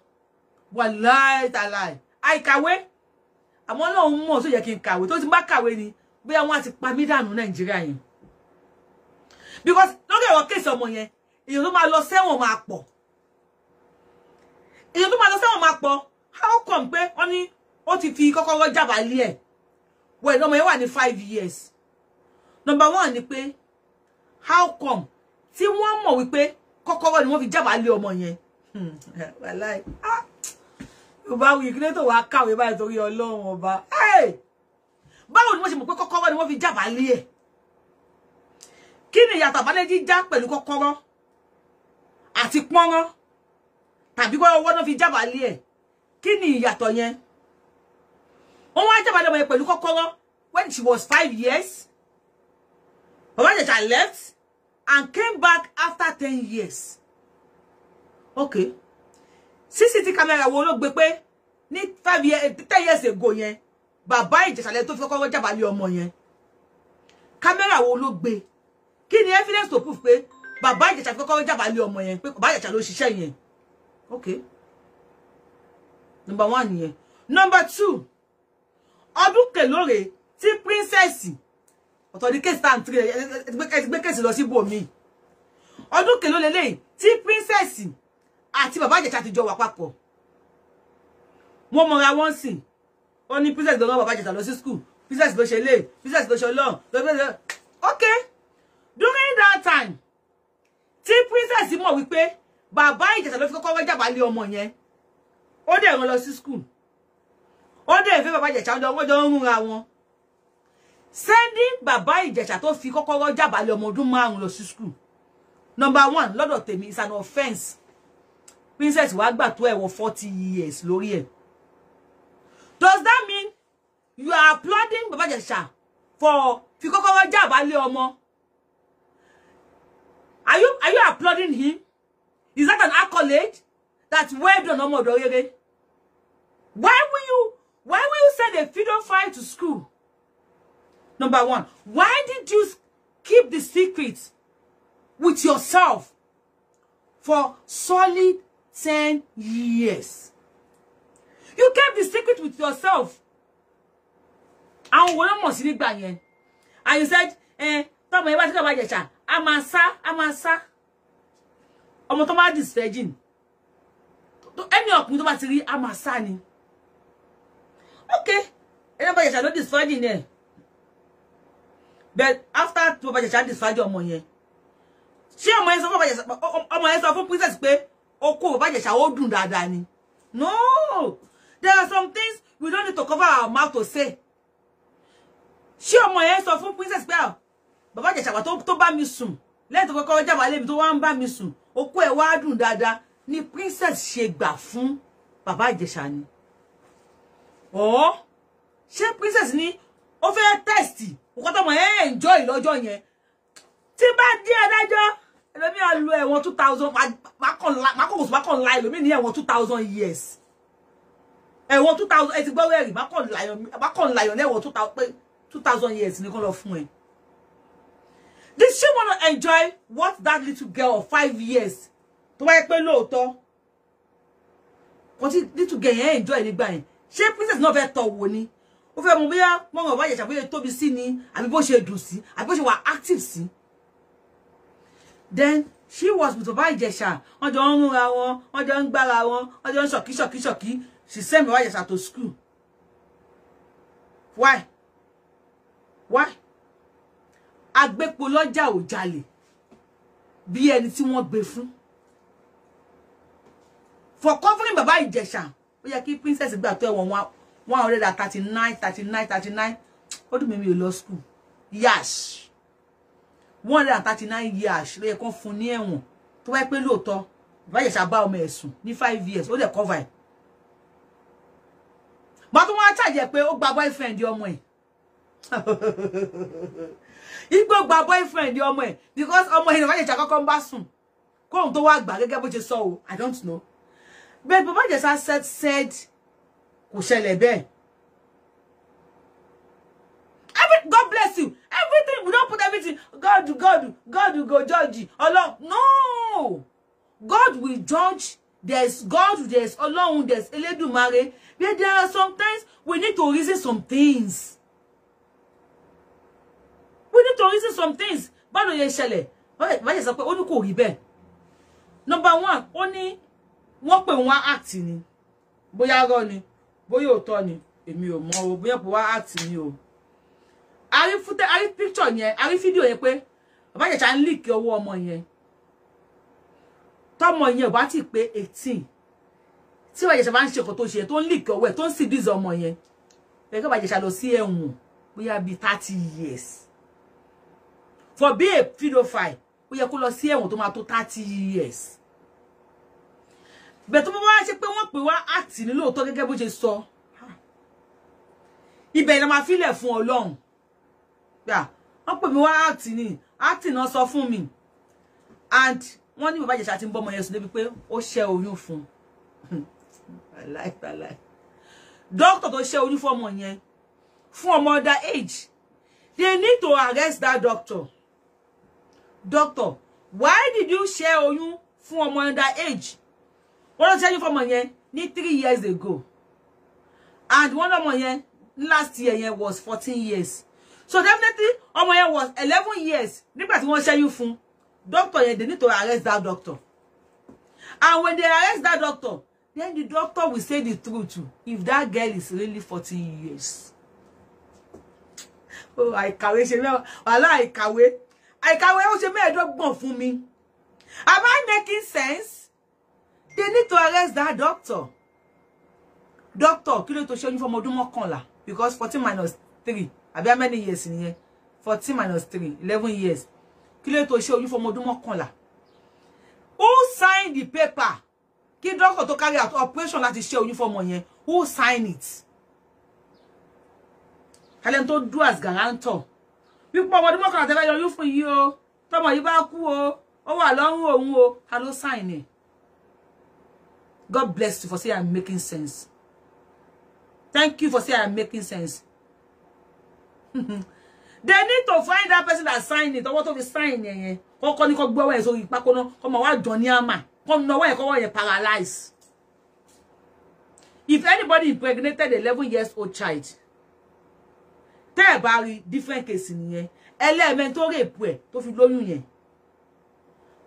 wà láì tàláì àìkàwé àmọ́ Ọlọ́run mọ̀ tó yẹ kí n kàwé tó ti bá kàwé ni bóyá wọ́n á ti pa mí dànù Nàìjíríà yẹn because lórí ọ̀rọ̀ kéèsì ọmọ yẹn èèyàn ló máa lọ sẹ́wọ̀n máa pọ̀ èèyàn ló máa lọ sẹ́wọ̀n máa pọ̀ how come pé wọ́n ní ó ti fi kọ́kọ́rọ́ jàbá lé ẹ̀ well ọmọ yẹn wà ní five years number one ni pé how come tí wọ́n mọ̀ wípé kọ́kọ́rọ́ ni wọ́n fi jábàá lé ọmọ yẹn hmm, eh, wàláì ah! yorùbá wuyì kí lẹ́tọ̀ wàá kàwé báyìí torí ọlọ́run ọba báwo ni wọ́n ṣe mọ̀ pé kọ́kọ́rọ́ ni wọ́n fi jábàá lé ẹ̀ kí ni ìyàtọ̀ àbálẹ́jì já pẹ̀lú kọ́kọ́rọ́ àti pọ́nrán tàbí kọ́ ọwọ́ fi jábàá lé ẹ̀ kí ni ìyàtọ̀ yẹn wọ́n wá jábàá lé ọmọ yẹn pẹ̀lú kọ́kọ́rọ́ when she was five years bàbá ìjẹ̀jà left and came back after 10 years. Okay. CCTV camera wo ló gbé pé ní 5 years 10 years ago Yeah, yẹn bàbá Ìjẹ̀ṣà tó fi kọ́kọ́ jàbá lé ọmọ yẹn. Camera wo ló be. Can you evidence to prove pé bàbá Ìjẹ̀ṣà fi kọ́kọ́ jàbá lé ọmọ yẹn pé bàbá Ìjẹ̀ṣà ló ṣiṣẹ́ yẹn. Okay. Number one. Yeah. Number 2. Ọdún kelore tí princess ọ̀tọ̀ ní kéèsì tàǹtì rẹ̀ ẹ ti gbé kéèsì lọ sí bòmí ọdún kèló lele, tí princess, àti bàbá ìjẹ̀ṣà ti jọ wà papọ̀ wọ́n mọra wọ́n sì ó ní prínsẹ̀sì lọ́rọ́ bàbá ìjẹ̀ṣà lọ sí skul prínsẹ̀sì ló ṣe lé prínsẹ̀sì ló ṣe ọlọ́run lọ́gbẹ́sẹ̀ ok during that time tí prínsẹ̀sì mọ̀ wípé bàbá ìjẹ̀ṣà ló fi kọ́kọ́ wọ́n jàbá lé ọmọ yẹn ó dẹ̀ rán lọ sí school. ó dẹ̀ fẹ́ bàbá ìjẹ̀ṣà ọjọ́ wọ́n jọ ń rúnra wọn sẹ́ndí bàbá ìjẹ̀ṣà tó fi kọ́kọ́rọ́ jábàlẹ̀ ọmọ ọdún márùn-ún lọ sí skul number one lọ́dọ̀ tèmi is an offence princess wa gbà tó ẹ̀wọ̀n forty years lórí ẹ̀ does that mean you are applauding bàbá ìjẹ̀ṣà for fi kọ́kọ́rọ́ jábàlẹ̀ ọmọ are you are you applauding him is that an accolade that well done ọmọ ọ̀dọ̀ rere why will you why will you send a freedom file to school Number one, why did you keep the secret with yourself for solid 10 years? You kept the secret with yourself. Àwọn wo ló mọ̀ sí nígbà And you said, eh, I'm yẹn bá ti a máa I'm a máa sá. Ọmọ tó bá dis virgin. Ẹni ọkùnrin tó bá ti rí, a máa ni. Okay, ẹni bá jẹ̀ṣà ló dis virgin ẹ̀ but after tí bàbá jẹ̀sà ń discharge ọmọ yẹn ṣé ọmọ yẹn sọ fún bàbá jẹ̀sà ọmọ yẹn sọ fún princess pé oko bàbá jẹ̀sà ó dùn dáadáa ni no there are some things we don't need to cover our mouth to say ṣé ọmọ yẹn so fún princess Baba pé bàbá jẹ̀sà wà tó bá mi sùn lẹ́yìn tó kọ́kọ́ jábọ̀ alẹ́ mi tó wá ń bá mi sùn oko ẹ̀ wá dùn dáadáa ni princess ṣe gbà fún bàbá ìjẹ̀ṣà ni ọ̀ ṣé princess ni ó fẹ́ tẹ́sítì nǹkan tọmọ ẹ eh, enjoy lọ́jọ́ yẹn tí bá dé adájọ́ ẹlòmí á lo ẹ̀wọ̀n two thousand mákòkòsù mákàn la ẹlòmí ní ẹ̀wọ̀n two thousand years ẹ̀wọ̀n two thousand ẹ ti gbọ́ wẹ́rì mákàn láyọ̀ ní ẹ̀wọ̀n two thousand years nìkan lọ fún ẹ. Did she want to enjoy what that little girl of five years tó bá yẹ pé lóòótọ́ kò tí little girl yẹn enjoy nígbà yẹn ṣé princess náà fẹ́ tọ̀ wò ni ó fẹ́ mú bóyá mọ́mọ́ ọ̀bá ìjẹ̀ṣà bóyá tóbi sí ni àbí bó ṣe dùn sí àbí bó ṣe wà active sí. then she was with ọba ìjẹ̀ṣà wọ́n jọ ń múra wọn wọ́n jọ ń gbára wọn wọ́n jọ ń ṣọ̀kí ṣọ̀kí ṣọ̀kí she send ọba ìjẹ̀ṣà to school. why why agbépo lọ́jà ò jalè bí ẹni tí wọ́n gbé fún for covering bàbá ìjẹ̀ṣà ó yẹ kí princess gbà tó ẹ̀wọ̀n wọn one hundred and thirty nine thirty nine thirty nine ó dùn mí mi ò lọ school years one hundred and thirty nine years ló yẹ kó fún ní ẹ̀wọ̀n tó wáyé pé lóòótọ́ ìbáyẹ̀sà bá ọmọ ẹ̀sùn ní five years ó dẹ̀ cover ẹ̀ bọ́ tó wọ́n ṣàjẹ́ pé ó gba boyfriend ọmọ ẹ̀ igbó gba boyfriend ọmọ ẹ̀ because ọmọ ẹ̀ ìbáyẹ̀sà kọ́kọ́ ń bá sùn kóhun tó wá gbà gẹ́gẹ́ bó ṣe sọ o I don't know but bàbá ìjẹ̀sà said said kò ṣẹlẹ̀ bẹ́ẹ̀ every God bless you everything we don put everything God God God go judge ọlọ́run no God will judge there's God there's ọlọ́run there's Elédùmarè but there are sometimes we need to reason some things we need to reason some things báwo yẹn ṣẹlẹ̀ báyẹ̀ sọ pé ó ní kò rí bẹ́ẹ̀ number one ó ní wọ́n pè wọ́n act ni bóyá rọ́ ni bóyá òótọ́ ni èmi ò mọ̀ o bóyá kò wá àtì ni o a rí fútẹ́ a rí píkṣọ̀ yẹn a rí fídíò yẹn pé bàbá ìjẹ̀ṣà ń líìkì owó ọmọ yẹn tọmọ yẹn ò bá ti pé eighteen tí bàbá ìjẹ̀ṣà bá ń ṣe nǹkan tó ṣe tó ń líìkì owó ẹ̀ tó ń sì dízọ ọmọ yẹn ẹ̀kọ́ bàbá ìjẹ̀ṣà lọ sí ẹ̀wọ̀n bóyá bíi thirty years for being a pedophile ó yẹ kó lọ sí ẹ̀wọ̀n tó máa tó thirty years bẹ̀ tó bá wá ṣe pé wọ́n pè wá àtì ní lóòótọ́ gẹ́gẹ́ bó ṣe sọ ibẹ̀ ni a máa fílẹ̀ fún ọlọ́run gbà wọ́n pè mí wá àtì ní àtì náà sọ fún mi and wọ́n ní bàbá ìjẹ̀ṣà ti ń bọ́ ọmọ yẹn sùn débi pé ó ṣẹ́ oyún fún un doctor tó ṣẹ́ oyún fún ọmọ yẹn fún ọmọ that age they need to arrest that doctor doctor why did you share oyún fún ọmọ under age wọ́n ló ṣẹ́yún fọmọ yẹn ní three years ago and wọ́n lọ́mọ yẹn last year yẹn was fourteen years so definitely ọmọ yẹn was eleven years nígbà tí wọ́n ṣẹ́yún fún doctor yẹn they need to arrest that doctor and when they arrest that doctor then the doctor will say the truth if that girl is really fourteen years oh àìkàwé ṣe mẹ́wàá wàhálà àìkàwé àìkàwé ó ṣe mẹ́ẹ̀ẹ́dọ́gbọ̀n fún mi am I making sense they need to arrest that doctor doctor kí ló tó ṣe oyún fọmọ ọdún mọ́kànlá because fourteen minus three àbí how many years nìyẹn fourteen minus three eleven years kí ló tó ṣe oyún fọmọ ọdún mọ́kànlá who signed the paper kí doctor tó carry out operation láti ṣe oyún fọmọ yẹn who signed it kálẹ̀ tó do as guarantor wípé ọmọ ọdún mọ́kànlá tẹ́fẹ́ yọ oyún fún yìí o tọmọ yìí bá kú o ó wà lọ́rùn òun o ta ló sign it. God bless you for saying I'm making sense. Thank you for saying I'm making sense. they need to find that person that signed it. Ọwọ́ tó fi sign yẹn. Kọ́kọ́ ní kó gbọ́wọ́ ẹ̀ sórí pákó náà. come, máa wá jọ ní Come, Kó nọwọ́ Come, kọ́wọ́ yẹn paralyze. If anybody impregnated eleven years old child, tẹ́ ẹ̀ bá rí different case nìyẹn. Ẹlẹ́ẹ̀mẹ́ tó rèpù ẹ̀ tó fi lóyún yẹn.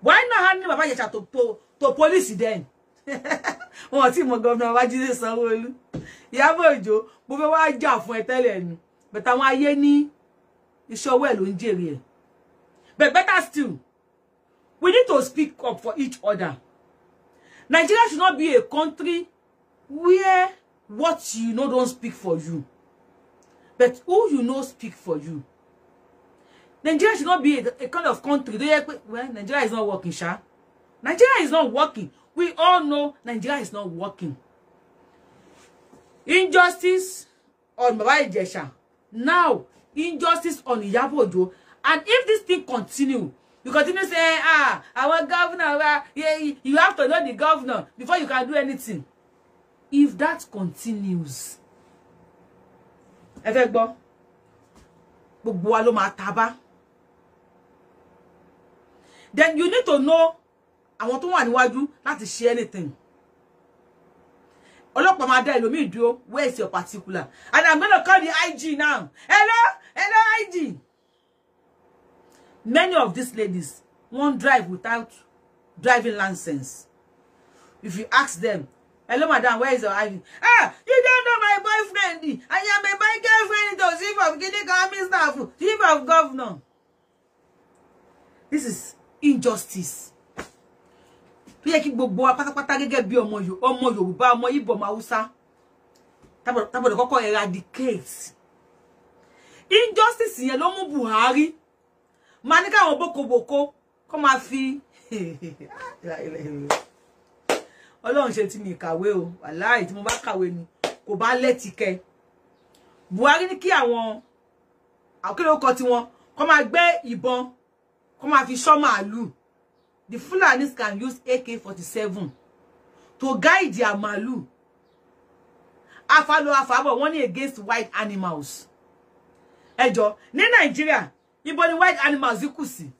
Why not handle Baba Ijesha to, to, to police then? wọn ti mọ gọvnà Babájídé Sanwó-Olú Ìyábọ̀ Òjó mo fẹ́ wá jà fún ẹ tẹ́lẹ̀ nù bẹ̀tẹ̀ àwọn ayé ní iṣẹ́ ọwọ́ ẹ̀ ló ń but better still we need to speak up for each other Nigeria should not be a country where what you know don't speak for you but who you know speak for you Nigeria should not be a, a kind of country they well Nigeria is not working sha Nigeria is not working we all know Nigeria is not working. Injustice on Baba Ijesha. Now, injustice on Iyabo And if this thing continues, you continue saying, ah, our governor, well, yeah, you have to know the governor before you can do anything. If that continues, ẹ fẹ́ gbọ́, gbogbo wa Then you need to know àwọn tó wà níwájú láti ṣe anything ọlọ́pàá máa dá ẹlòmíì dúró where is your particular and i'm gonna call the IG now hello hello IG many of these ladies won't drive without driving license if you ask them hello madam where is your ID ah you don't know my boyfriend i am a my girlfriend to chief of guinea army staff chief of governor this is injustice tó yẹ kí gbogbo wa pátápátá gẹ́gẹ́ bí ọmọ ọmọ Yorùbá ọmọ Ìgbò ọmọ Haúsá tábọ̀dọ̀ kọ́kọ́ eradicate injustice yẹn ló mú Buhari máa ní káwọn bókobòko kó máa fi Ọlọ́run ṣe ti mi kàwé o wàláì tí mo bá kàwé ni kò bá lẹ́tìkẹ́ Buhari ní kí àwọn àkérò kọ tiwọn kó máa gbé ìbọn kó máa fi ṣọ́ màálùú The Fulanis can use AK-47 to guide their malu. Afalo afabo wọ́n ní against white animals. Ejo, ní Nigeria, ibo ni white animals kù sí.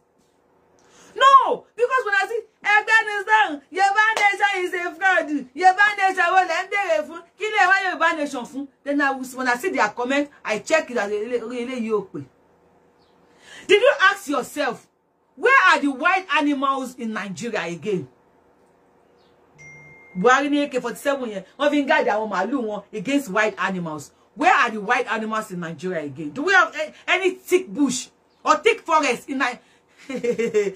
No, because when I see Afghanistan, Yorùbá nation is a fraud. Yorùbá nation wo lẹ ń béèrè fún. Kí ni ẹ wá Yorùbá nation Then I will, when I see their comment, I check it as really ò Did you ask yourself Where are the wild animals in Nigeria again? Buhari ni AK-47 yẹn, wọ́n fi ń guide àwọn màálù wọn against wild animals. Where are the wild animals in Nigeria again? Do we have any thick bush or thick forest in Nigeria?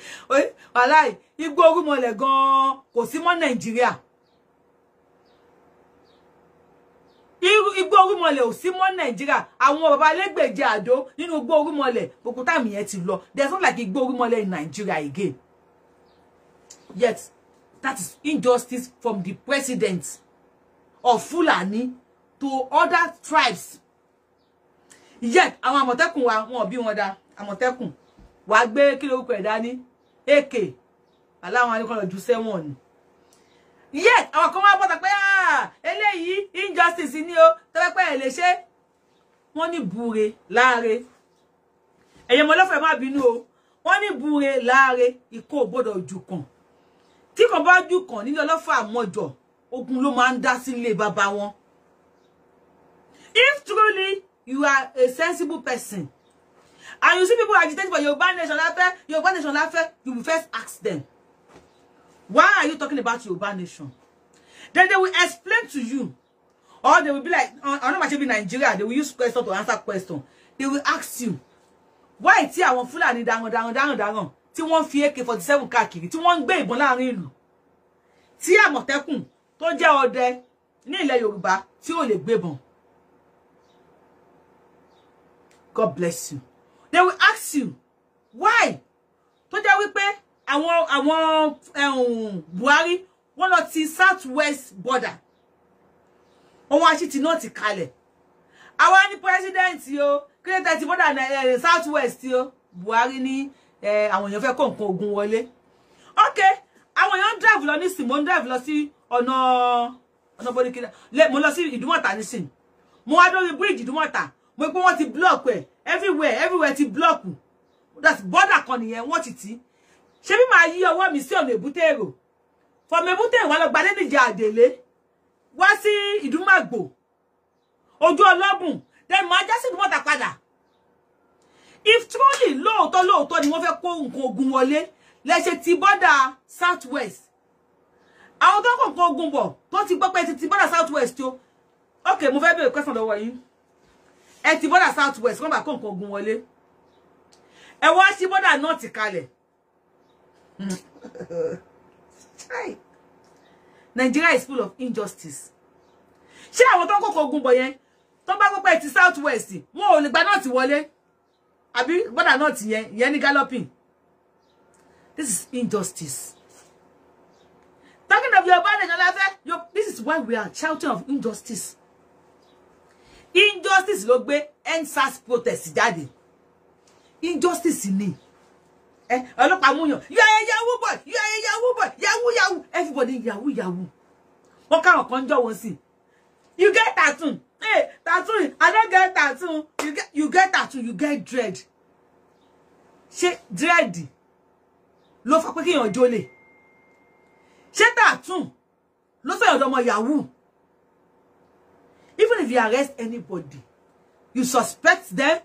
Wàláì, igbó orúmọlẹ̀ gan-an kò sí mọ́ Nàìjíríà. igbó orúmọlẹ̀ ò sí mọ́ nàìjíríà àwọn bàbá lẹ́gbẹ̀jẹ̀ àdó nínú igbó orúmọlẹ̀ gbogbo táàmì yẹn ti lọ there's not like igbó orúmọlẹ̀ in Nigeria again yet that is injustice from the president of Fulani to other tribes yet àwọn àmọ̀tẹ́kùn wa wọn bí wọn da àmọ̀tẹ́kùn wàá gbé kí lórúkọ ẹ̀ dání ak aláwọn aníkọlọ ju sẹ́wọ̀n ni yet àwọn kan wá bọ́ta pé á ah, eléyìí injustice ni o tọ́pẹ́pẹ́ ẹ̀ lè ṣe wọ́n ní bure láre ẹ̀yẹ mo lọ́fẹ̀ẹ́ má bínú o wọ́n ní bure láre ikó gbọ́dọ̀ jù kàn tí kò bá jù kàn nílé ọlọ́fà àmọ́jọ ogun ló máa ń dá sílé bàbá wọn if truly you are a sensible person and you see people agitated for Yoruba nation láfẹ́ Yoruba nation láfẹ́ you will first ask them why are you talking about Yoruba nation Then they will explain to you. Or they will be like, I know much in Nigeria, they will use question to answer question. They will ask you, why tí àwọn Fúlàní daran daran daran daran tí wọ́n fi AK47 káàkiri tí wọ́n ń gbé ìbọn láàrin ìlú tí Àmọ̀tẹ́kùn tó jẹ́ ọdẹ ní ilẹ̀ Yorùbá tí ò lè gbébọn God bless you they will ask you why tó jẹ́ wípé àwọn àwọn Buhari wọ́n lọ ti southwest border òun àti ti Not ti kalẹ̀ àwa president, yo, o kílẹ̀tẹ̀ ti border na eh, southwest o Buhari ní eh, àwọn èèyàn fẹ́ kó nǹkan ogun wọlé Okay. àwọn èèyàn ń drive lọ nísìn mo ń drive lọ sí ọ̀nà ọ̀nà bọ́díkìlá mo lọ sí Ìdúmọ̀tà nísìn mo wá dórí bíríìjì Ìdúmọ̀tà mo pé wọ́n ti block ẹ̀ everywhere everywhere ti block that's border kan nìyẹn wọ́n ti tì í ṣé bí màá yí ọwọ́ mi sí ọ̀nà èbúté fọmọ ebúté wà lọ gba dédìjà àdèlé wá sí ìdúmàgbò ojú ọlọ́bùn then máa já sí ìdúmọ̀tà padà if truly lóòótọ́ lóòótọ́ ni wọ́n fẹ́ kó nǹkan ogun wọlé lẹ́sẹ̀ ti bọ́dà south west àwọn tó kọ̀ọ̀kan ogun bọ̀ tó ti gbọ́ pé ti bọ́dà south west o ok mo fẹ́ bèèrè kẹsàn lọ́wọ́ yìí ẹ ti bọ́dà south west wọ́n bá kó nǹkan ogun wọlé ẹ wá sí bọ́dà north kalẹ̀. Hi. Nigeria is full of injustice. Ṣé àwọn tó ń kókò ogun bọ̀ yẹn tó bá pẹ́pẹ́ ti south west wọn ò lè gba náà ti wọlé àbí bọ́dà náà ti yẹn ìyẹn ní galloping. This is injustice. Talking of Yorùbá nation láfẹ́, this is why we are shouting of injustice. Injustice ló gbé EndSARS protest jáde. Injustice ni. Eh, ọlọ́pàá múyàn, yọ ẹyẹ owó bọ̀, yọ pọ̀ ní yahoo yahoo wọ́n káwọn kan jọ wọn sí you get tattoo hey tattoo i don't get tattoo you get you get tattoo you get dread She dread ló fà pé kéèyàn jólè She tattoo ló fẹ́ ọ̀dọ́ ọmọ yahoo even if you arrest anybody you suspect them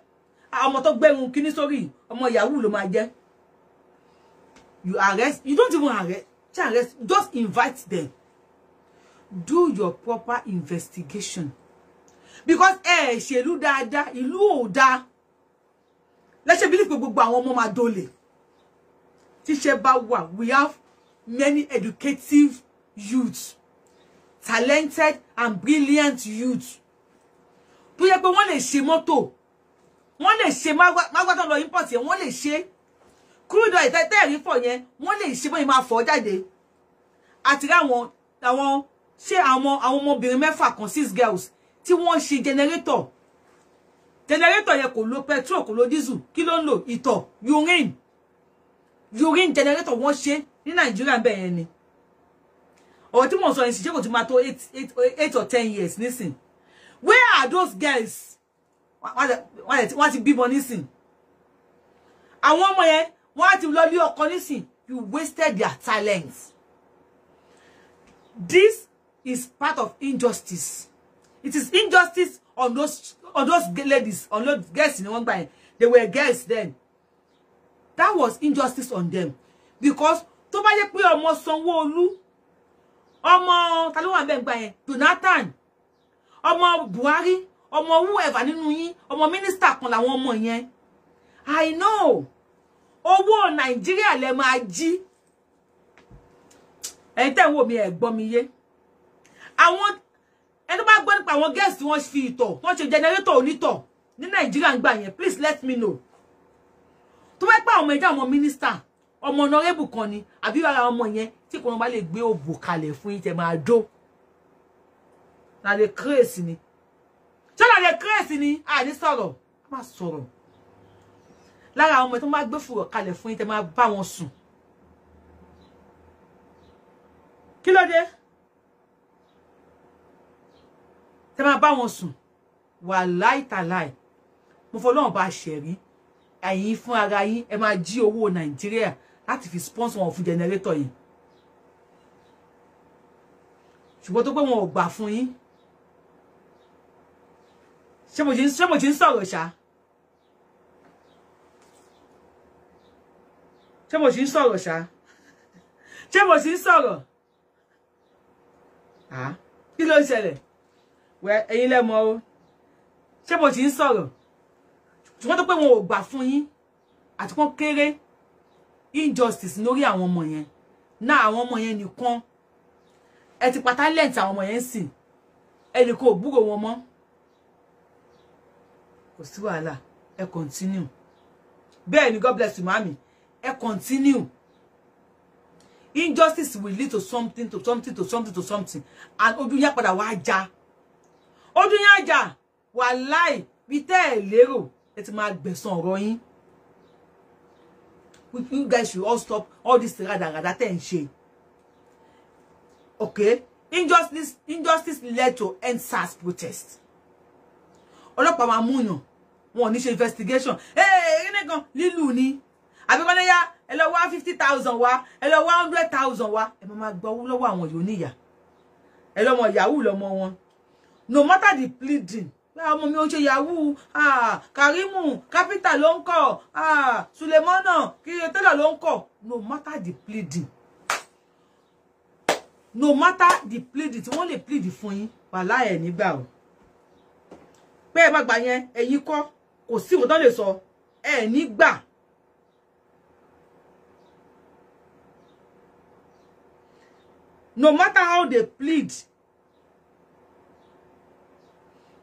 ọmọ tó gbẹrun kíní sórí ọmọ yahoo ló máa jẹ you arrest you don't even arrest just invite them do your proper investigation because ẹ eh, ṣèlú dáadáa da ò dáa da. Let's nípa gbogbo àwọn ọmọ máa dolè tíṣẹ́ bá wà we have many educative youths talented and brilliant youths tó yẹ pé wọ́n lè one le wọ́n lè ṣe mágbátọ́ lọ import yẹn wọ́n lè ṣe crude oil tẹ́tẹ́ ẹ̀rí fọ̀ yẹn wọ́n lè ṣe bóyá máa fọ̀ jáde àti ráwọn àwọn ṣé àwọn àwọn ọmọbìnrin mẹ́fà kan six girls tí wọ́n ṣe generator generator yẹn kò lo petrol kò lo diesel kí ló ń lò ìtọ̀ urine urine generator wọ́n ṣe ní nàìjíríà bẹ́ẹ̀ yẹn ni ọ̀rọ̀ tí mò ń sọ yẹn sì ṣé kò ti máa tó eight eight eight or ten years nísìn where are those girls wọ́n ti bímọ nísìn àwọn ọmọ yẹn wọ́n á ti lọ lé ọkọ nísìn you wasted their talent this is part of injustice it is injustice on those on those ladies on those girls ni wọ́n gbà yẹn they were girls then that was injustice on them because tó bá yẹ pé ọmọ Sanwó-Olú ọmọ ta ló wà yẹn Jonathan ọmọ Buhari ọmọ whoever nínú yín ọmọ mínísítà kan làwọn ọmọ yẹn i know owó nàìjíríà lẹ máa jí ẹ̀yin tẹ́ ń wò mí ẹ̀ gbọ́ mi yé àwọn ẹni bá gbọ́ nípa àwọn guest wọ́n fi ìtọ̀ wọ́n ṣe generator onítọ̀ ní nàìjíríà ń gbà yẹn please let me know tó fẹ́ pé àwọn ẹja àwọn mínísítà ọmọ ọ̀nàrẹ́bù kan ni àbí ara ọmọ yẹn tí kò bá lè gbé òbò kalẹ̀ fún yín tẹ máa jó lálẹ́ kírèsì ni ṣé lálẹ́ kírèsì ni àní sọ̀rọ̀ má sọ̀rọ̀ lára àwọn ọmọ tó máa gbé fùrọ̀ kalẹ̀ fún yín tẹ́ máa bá wọn sùn kí ló dé tẹ́ máa bá wọn sùn wà láìtàláì mo fọlọ́run bá ṣẹ̀rí ẹ̀yin fún ara yín ẹ máa jí owó nàìjíríà láti fi sponsor wọn fún jẹnẹrétọ̀ yìí ṣùgbọ́n tó pé wọn ò gbà fún yín ṣé mo ti ń sọ̀rọ̀ ṣáá. ṣé mo sì ń sọ̀rọ̀ ṣá ṣé mo sì ń sọ̀rọ̀ kí ló ń ṣẹlẹ̀ wẹ ẹ̀yin lẹ mọ̀ o ṣé mo sì ń sọ̀rọ̀ ṣùgbọ́n tó pé wọn ò gbà fún yín àti pọ́n kéré injustice lórí àwọn ọmọ yẹn náà àwọn ọmọ yẹn nìkan ẹ ti pa talent àwọn ọmọ yẹn sì ẹnì kò continue bẹ́ẹ̀ ni god bless you mommy ẹ continue injustice will lead to something to something to something to something and ojú yẹn padà wá já ojú yẹn àjà wà láì bí tẹ́ ẹ̀ ti máa gbẹ̀san ọ̀rọ̀ yín you guys should all stop all this radarada tẹ́ ń ṣe okay injustice injustice led to endless SARS protest ọlọ́pàá máa múyàn wọn ò ní ṣe investigation ẹ ẹ nìkan lílù ni àbí wọn ní yá ẹ lọ wá fifty thousand wá ẹ lọ one hundred thousand wá ẹ máa gbọ́ owó lọ́wọ́ àwọn yòó níyà ẹ lọ́mọ yahoo lọ́mọ wọn no matter the pleading pé ọmọ mi ò ṣe yahoo ah karimu kápítà ló ń kọ ah sulemona kiri tẹ́lẹ̀ ló ń kọ no matter the pleading no matter the pleading tí wọ́n lè plead fún yín wàhálà ẹ̀ nígbà o pé ẹ bá gbà yẹn ẹ̀yin kọ́ kò sí ìwọ́n tó lè sọ ẹ̀ nígbà. No matter how they plead,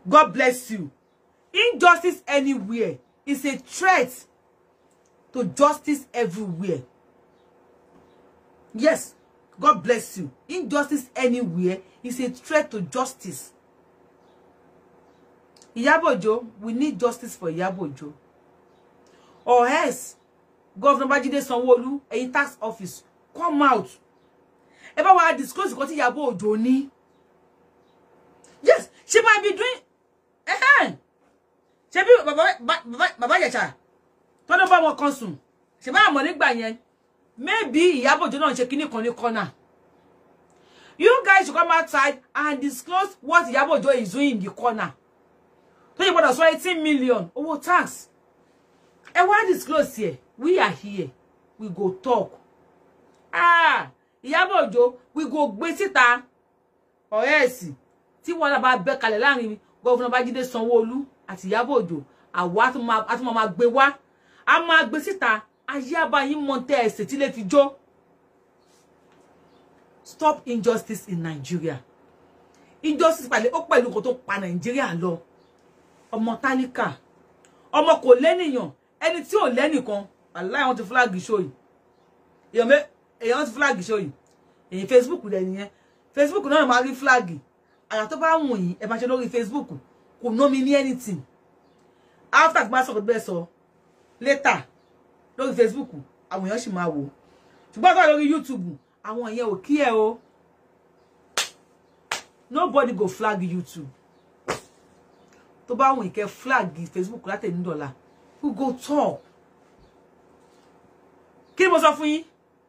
God bless you. Injustice anywhere is a threat to justice everywhere. Yes, God bless you. Injustice anywhere is a threat to justice. Yabojo, we need justice for Yabojo. Or else, Governor Babajide Sanwo-Olu, ẹ̀yin tax office, come out ẹ bá wa disclose nǹkan tí Ìyábọ̀ Òjó ní yes she might be doing Eh, she ẹhẹn ṣebí bàbá bàbá bàbá Ìjẹ̀ṣà tọ́dún bá wọn kan sùn ṣe bá àmọ́ nígbà yẹn maybe Ìyábọ̀ Òjó náà ṣe kíní kan ní kọ́nà you guys should come outside and disclose what Ìyábọ̀ Òjó is doing in the corner tó yẹ gbọ́dọ̀ sọ eighteen million owó tax ẹ wá disclose here we are here we go talk ah Ìyábọ̀ Òjó we gbé síta ọ̀rẹ́ tí wọ́n bá bẹ́ kalẹ̀ láàrin gọ́ọ̀fúnà Babájídé Sanwó-Olú àti Ìyábọ̀ Òjó àwa á tún gbé wá a máa gbé síta ayé abayín mọ̀tẹ́ ẹ̀sìn tí lè fi jó stop injustice in Nigeria injustice pàlẹ́ ó pẹ̀lú nǹkan tó pa Nàìjíríà lọ ọmọ tálíkà ọmọ kò lẹ́nìyàn ẹni tí ò lẹ́nìkan aláì ti flag show yìí èèyàn èèyàn ti flag show yìí èyí facebook rẹ nìyẹn facebook náà máa rí flag àyà tó bá wùn yín ẹ máa ṣe lórí facebook kò ná mi ní anything after gbá sọ̀rọ̀ bẹ́ẹ̀ sọ later lórí facebook àwọn èèyàn sì máa wò ṣùgbọ́n tó lórí youtube àwọn èèyàn ò kí ẹ o nobody go flag youtube tó bá wùn ìkẹ́ flag facebook látẹ̀ ní dọ̀la who go talk kí ni mo sọ fún yín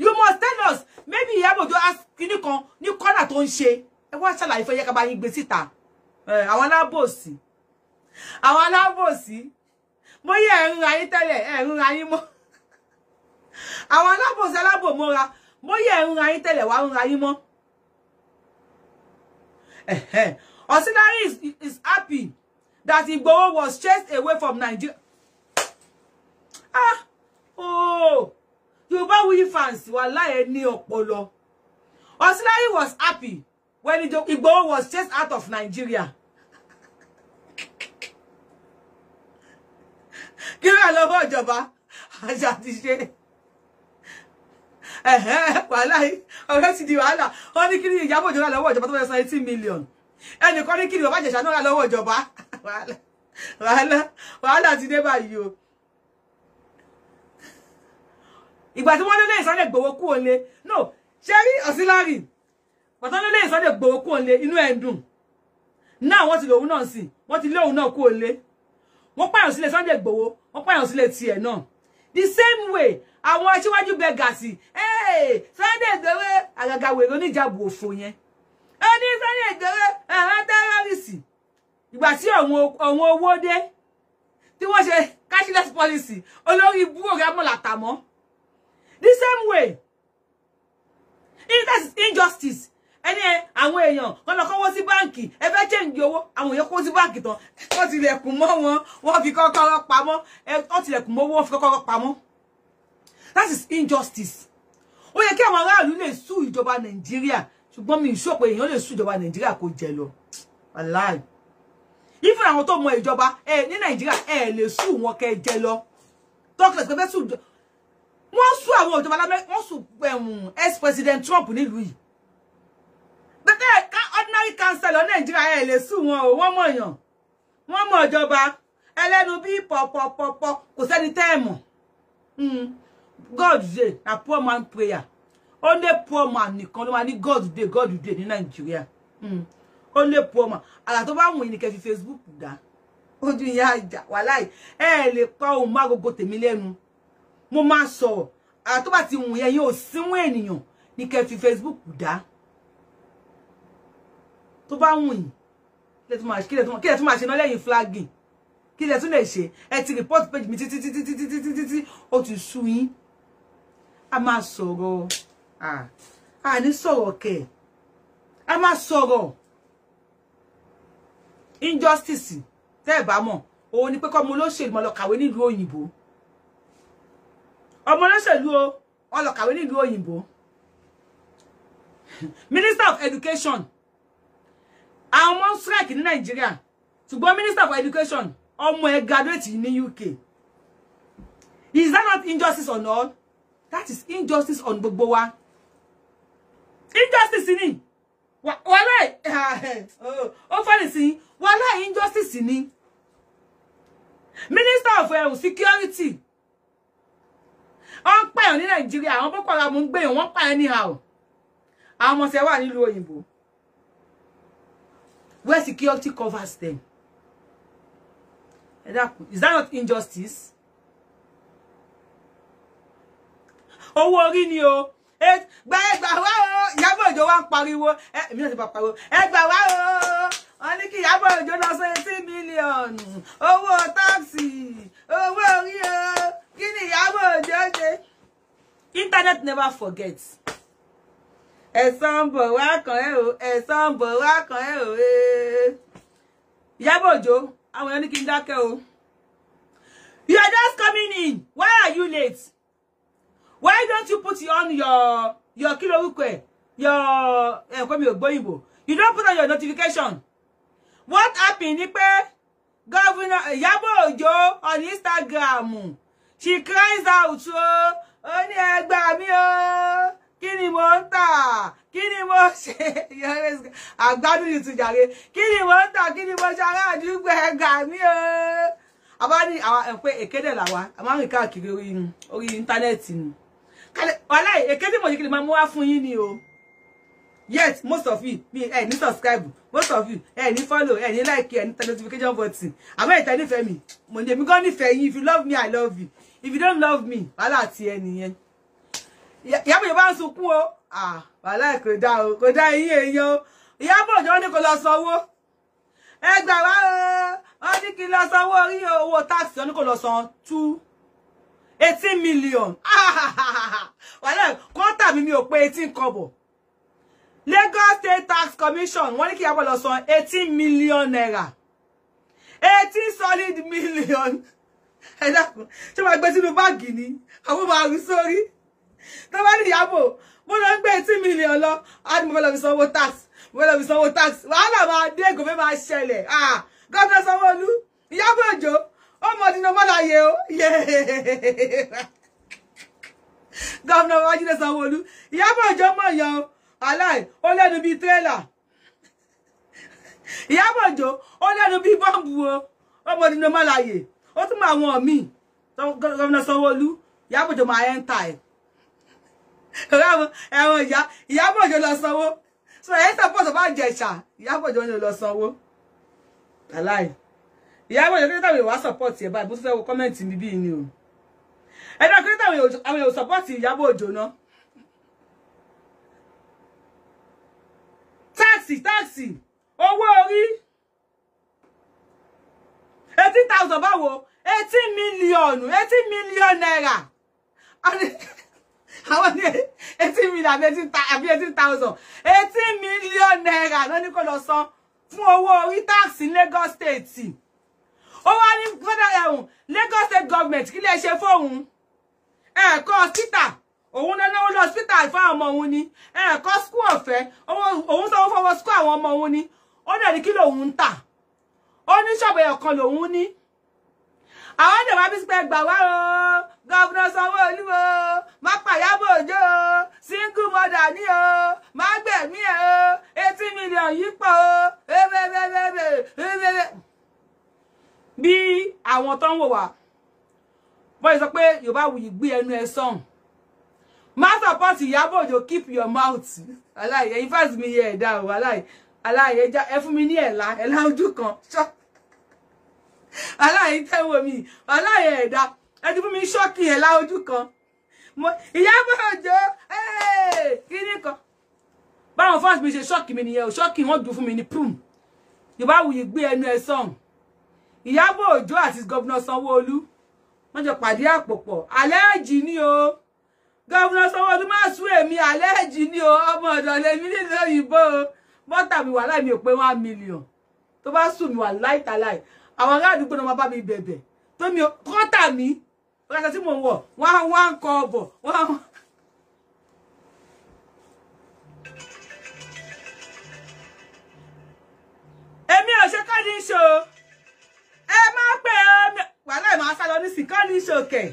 you must tell us maybe you have to ask kinní kan ní kọ́nà tó ń ṣe ẹ wá ṣàlàyé fẹ́ yẹ ká bá yín gbé síta àwọn alábòsí àwọn alábòsí mo yí ẹ̀rùn ayé tẹ́lẹ̀ ẹ̀rùn ayé mọ́ àwọn alábòsí alábòmọ́ra mo yí ẹ̀rùn ayé tẹ́lẹ̀ wá rùn ayé mọ́ Osinari is, is happy that Igboho was chased away from Nigeria. Ah! Oh! You Yorubawuyi fans wàláhì ẹ ní ọpọlọ. Ọ̀síláyì was happy when the Igboho was chased out of Nigeria. Kíra lọ́wọ́ ìjọba, àṣà ti ṣe. Wàláhì ọ̀rẹ́ ti di wàhálà. Wọ́n ní kí ni Ìyábọ̀ Òjó rà lọ́wọ́ ìjọba tó fẹ́ san eighteen million. Ẹnìkan ní kí ni bàbá Ìjẹ̀ṣà náà rà lọ́wọ́ ìjọba. Wàhálà wàhálà ti dé báyìí o ìgbà tí wọ́n lé lẹ́yìn Sunday Igboho kú òǹlé no ṣe rí ọ̀sílárì pàtó lé lẹ́yìn Sunday Igboho kú òǹlé inú ẹ̀ ń dùn náà wọ́n ti lòun náà sìn wọ́n ti lé òun náà kú òǹlé wọ́n pààyàn sílẹ̀ Sunday Igboho wọ́n pààyàn sílẹ̀ tiẹ̀ náà the same way àwọn aṣíwájú bẹgàsì Sunday Igboho àgàgà wèrè oníjàbù òfò yẹn ó ní Sunday Igboho àwọn tẹ́rọ́rìsì ìgbà tí ọ̀wọ́n owó dé tí wọ́n ṣe cashless policy olórí ibú òrẹ́mọ̀làtàmọ́ the same way that's injustice ẹni àwọn èèyàn wọn lọ kọ́wọ́ sí báǹkì ẹ fẹ́ chẹ́ǹgì owó àwọn èèyàn kọ́wọ́ sí báǹkì tán wọ́n tilẹ̀kùn mọ́ wọn wọ́n fi kọ́kọ́rọ́ pamọ́ wọ́n tilẹ̀kùn mọ́ owó wọ́n fi kọ́kọ́rọ́ pamọ́ that is injustice ó yẹ kí àwọn aráàlú lè sú ìjọba nàìjíríà ṣùgbọ́n mi ìṣó pé èèyàn lè sú ìjọba nàìjíríà kó jẹ lọ wàláì ìfún àwọn tó mọ ìjọba ní nàìjíríà ẹ lè sú wọn kẹ jẹ lọ tọ́kìlẹ̀ pé fẹ́ sú wọ́n sún àwọn òjọba lábẹ́ wọ́n sún um, ex-president Trump nílùú yìí bẹ́tẹ̀ ká ordinary councillor Nàìjíríà ẹ̀ lè sùn wọn o wọ́n mọ̀yàn wọ́n mọ̀ ìjọba ẹlẹ́nu bí pọ̀pọ̀pọ̀pọ̀ kò sẹ́ni tẹ́ ẹ̀ Hmm, God dey na poor man prayer only poor man nìkan ló máa ní God dey God dey ní Nàìjíríà hmm. only poor man àlà tó bá wùn yín ni kẹ́ fi Facebook dá ojú ya àjà wàláì ẹ̀ lè pa ohun mágogo tèmi lẹ́nu mo so, sọ̀rọ̀ àtó bá ti wùn yẹn yo sínwó ènìyàn ni kẹ́ fi Facebook dá tó bá wùn yìí kí lẹ tún máa ṣe náà lẹ́yìn flagging kí lẹ tún lè ṣe ẹ ti report page mi ti ti ti ti ti ti ti ti ti sú yín a máa sọ̀rọ̀ a ní sọ̀rọ̀ kẹ̀ a máa sọ̀rọ̀ injustice tẹ́ ẹ̀ bá mọ̀ òun ni pé kọ́ mo lóṣèlú mo lọ kàwé nílùú òyìnbó ọmọ olóṣèlú o wọn nílùú òyìnbó minister of education àwọn strike ní nàìjíríà ṣùgbọ́n minister for education ọmọ ẹ̀ graduate ní uk is that not injustice on all that is injustice on gbogbo wa injustice ni wàhálà oh, ó fẹ́rẹ̀ sí wàhálà injustice ni minister of uh, security wọ́n ń pààyàn ní nàìjíríà àwọn boko haram ń gbèyàn wọ́n ń pààyàn ní àwọ̀ àwọn ọmọ ṣe wà nílùú òyìnbó where security covers them is that not injustice owó orí ni o gbẹ ẹgbà wá o Ìyábọ̀ Òjó wa ń pariwo èmi náà ti bá pariwo ẹgbà wá o wọ́n ní kí Ìyábọ̀ Òjó lọ sí eighteen million owó táàsì owó orí o kí ni Ìyábọ̀ internet never forgets. ẹ̀sán ń bọ̀ wá kàn ẹ́ o ẹ̀sán ń bọ̀ wá kàn o eh. Ìyábọ̀ Òjó àwọn ẹni kí n o you are just coming in why are you late why don't you put on your your kilo ukwe, your ẹ̀kọ́ mi ò you don't put on your notification what happened, ni pé gọ́vùnà Ìyábọ̀ Òjó on Instagram she cries out o oh, ó ní ẹ gbà mí o oh, kí ni mo ń tà kí ni mo ṣe àgbádùn ìtújàre kí ni mo ń tà kí ni mo ṣe ará àdúgbò ẹ gbà mí o oh. àbá ní pé èkédè làwa a máa ń rìn káàkiri orí íńtánẹ́ẹ̀tì ni wàláì èkédè mo yìí kí ni máa mú wá fún yín ni o yet most of you mi ẹ ní subscribe most of you ẹ ní follow ẹ ní like ẹ ní notification button àmọ́ ìtẹ́ nífẹ̀ẹ́ mi mo ní èmi gan nífẹ̀ẹ́ yín if you love me i love you if you don't love me wàhálà ti ẹ nìyẹn ìyàbọ̀ yóò bá ń sunkún o wàhálà kò dá o kò dá eyín èèyàn o ìyàbọ̀ òjò ní kò lọ sanwó ẹ gbà wá o wọ́n ní kí n lọ sanwó orí owó táàsì wọn ní kò san two eighteen million wàhálà kọ́ńtà mi mi ò pé eighteen kọ́bọ̀ Lagos State Tax Commission wọ́n ní kí ìyàbọ̀ lọ san eighteen million naira eighteen solid million ẹ dákun ṣé máa gbé sínú báàgì ni àwọn máa rú sórí tó bá níyàbò mo lọ gbé eighteen million lọ á ní mo fẹ́ lọ fi sanwó tax mo fẹ́ lọ fi sanwó tax wàhálà máa dé ègò fẹ́ máa ṣẹlẹ̀ gọ́dọ̀ sanwó-olú Ìyábọ̀ Òjó ọmọ ọdínà mọ́láyé o gọ́ọ̀nà wájúdé sanwó-olú Ìyábọ̀ Òjó mọ̀ yàn aláì ó lẹ́nu bíi tírélà Ìyábọ̀ Òjó ó lẹ́nu bíi bọ́ǹbù o ọmọ ọdínà mọ́láyé ó tún mọ àwọn to gọ́vnà sanwóolu Ìyábọ̀ Òjó máa ẹ́ńtà ẹ̀ ẹ̀wọ̀n ìyá Ìyábọ̀ Òjó lọ sanwó so ẹ́ńtà pọ̀sọ̀ bá jẹ̀ṣà Ìyábọ̀ Òjó lọ sanwó aláì Ìyábọ̀ Òjó kírísítà wèé wá sọ̀pọ̀tì ẹ̀ báyìí bó tún fẹ́ wo kọ́mẹ́ǹtì mi bíi ni o ẹ̀dá kírísítà àwọn èèyàn sọ̀pọ̀tì Ìyábọ̀ Òjó náà táàsì táàsì owó orí eighteen thousand báwo eighteen million, eighteen million naira. àwọn ní eighteen million àbí eighteen thousand eighteen million naira ló ní kó lọ san fún owó orí tax Lagos state ó wá ní federal ẹ̀hún um, Lagos state government kí lè ṣe fóun ẹ̀kọ́ hospital òun náà náwó lọ hospital fún àwọn ọmọ òun ni ẹ̀kọ́ school ọ̀fẹ́ òun sanwó fọwọ́ school àwọn ọmọ òun ni ó dẹ̀ ní kí lòun ń tà oníṣọ́ọ̀bù ẹ̀yọ̀ kan lòun ní àwọn ọ̀dọ̀ wa bí sí pé gbà wá o gọ́vùnà sanwó-olú o má pàyàbò òjò o single mother ní o má gbẹ̀mí ẹ̀ o eighty million yìí pọ̀ o ebebebebe bí àwọn tó ń wò wá bọ́ọ̀ sọ pé yorùbá wùyí gbé ẹnu ẹ sọ̀hún má sọ̀pọ̀tì ìyábò òjò keep your mouth aláìyẹ ifásitì mi yẹ da. o aláìyẹ ẹ fún mi ní ẹ̀là ẹ̀là ojú kan ṣọ́ọ̀tì aláyé tẹ́wọ̀ mi aláyé ẹ̀dá ẹtí fún mi ṣọ́ọ̀kì yẹn láojú kan ìyábọ̀ òjò kíní kan báwọn fans mi ṣe ṣọ́ọ̀kì mi nìyẹn ṣọ́ọ̀kì wọn dùn fún mi ní prune yorùbá wuyì gbé ẹnu ẹ sọ̀hún ìyábọ̀ òjò àti gọ́vnà sanwó-olú wọ́n jọ pàdé àpò pọ̀ àlẹ́ẹ̀jì ni o gọ́vnà sanwó-olú má sú èmi àlẹ́ẹ̀jì ni o ọmọ ọ̀dọ̀ lèmi nílùú òyìnbó bọ́tà mi wà láì mi ò pé one million tó bá sùn mi wà láìtàláì àwọn ará àdúgbò náà máa bá mi bẹ̀bẹ̀ tó mi kọ́tà mi ọ̀kadà tí mò ń wọ̀ wọ́n á wọ́n á ń kọ ọ̀bọ̀ wọ́n á wọ́n. èmi ò ṣe kọ́ni ṣo ẹ má pè é wàhálà ẹ̀ máa sá lọ nísìn kọ́ni ṣo kẹ̀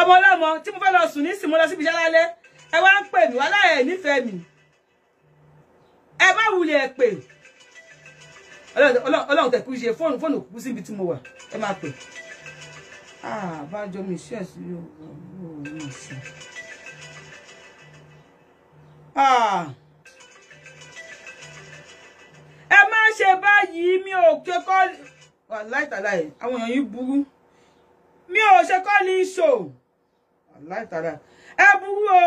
ọmọ ọlọ́mọ tí mo fẹ́ lọ sùn nísìn mo lọ síbi iṣẹ́ ẹ wá ń pè mí wàhálà ẹ̀ nífẹ̀ẹ́ mi ẹ bá wulẹ̀ pè mí ọlọ́run tẹ̀kú ṣe fóònù fóònù kú síbi tí mo wà ẹ máa pè àbájọ ah, mi ṣe ẹ̀sùn yóò mi ṣe. ẹ má ṣe báyìí mi ò kékọ́ láìtàláì àwọn èèyàn yìí burú mi ò ṣe kọ́ ní ṣò láìtàláì ẹ burú o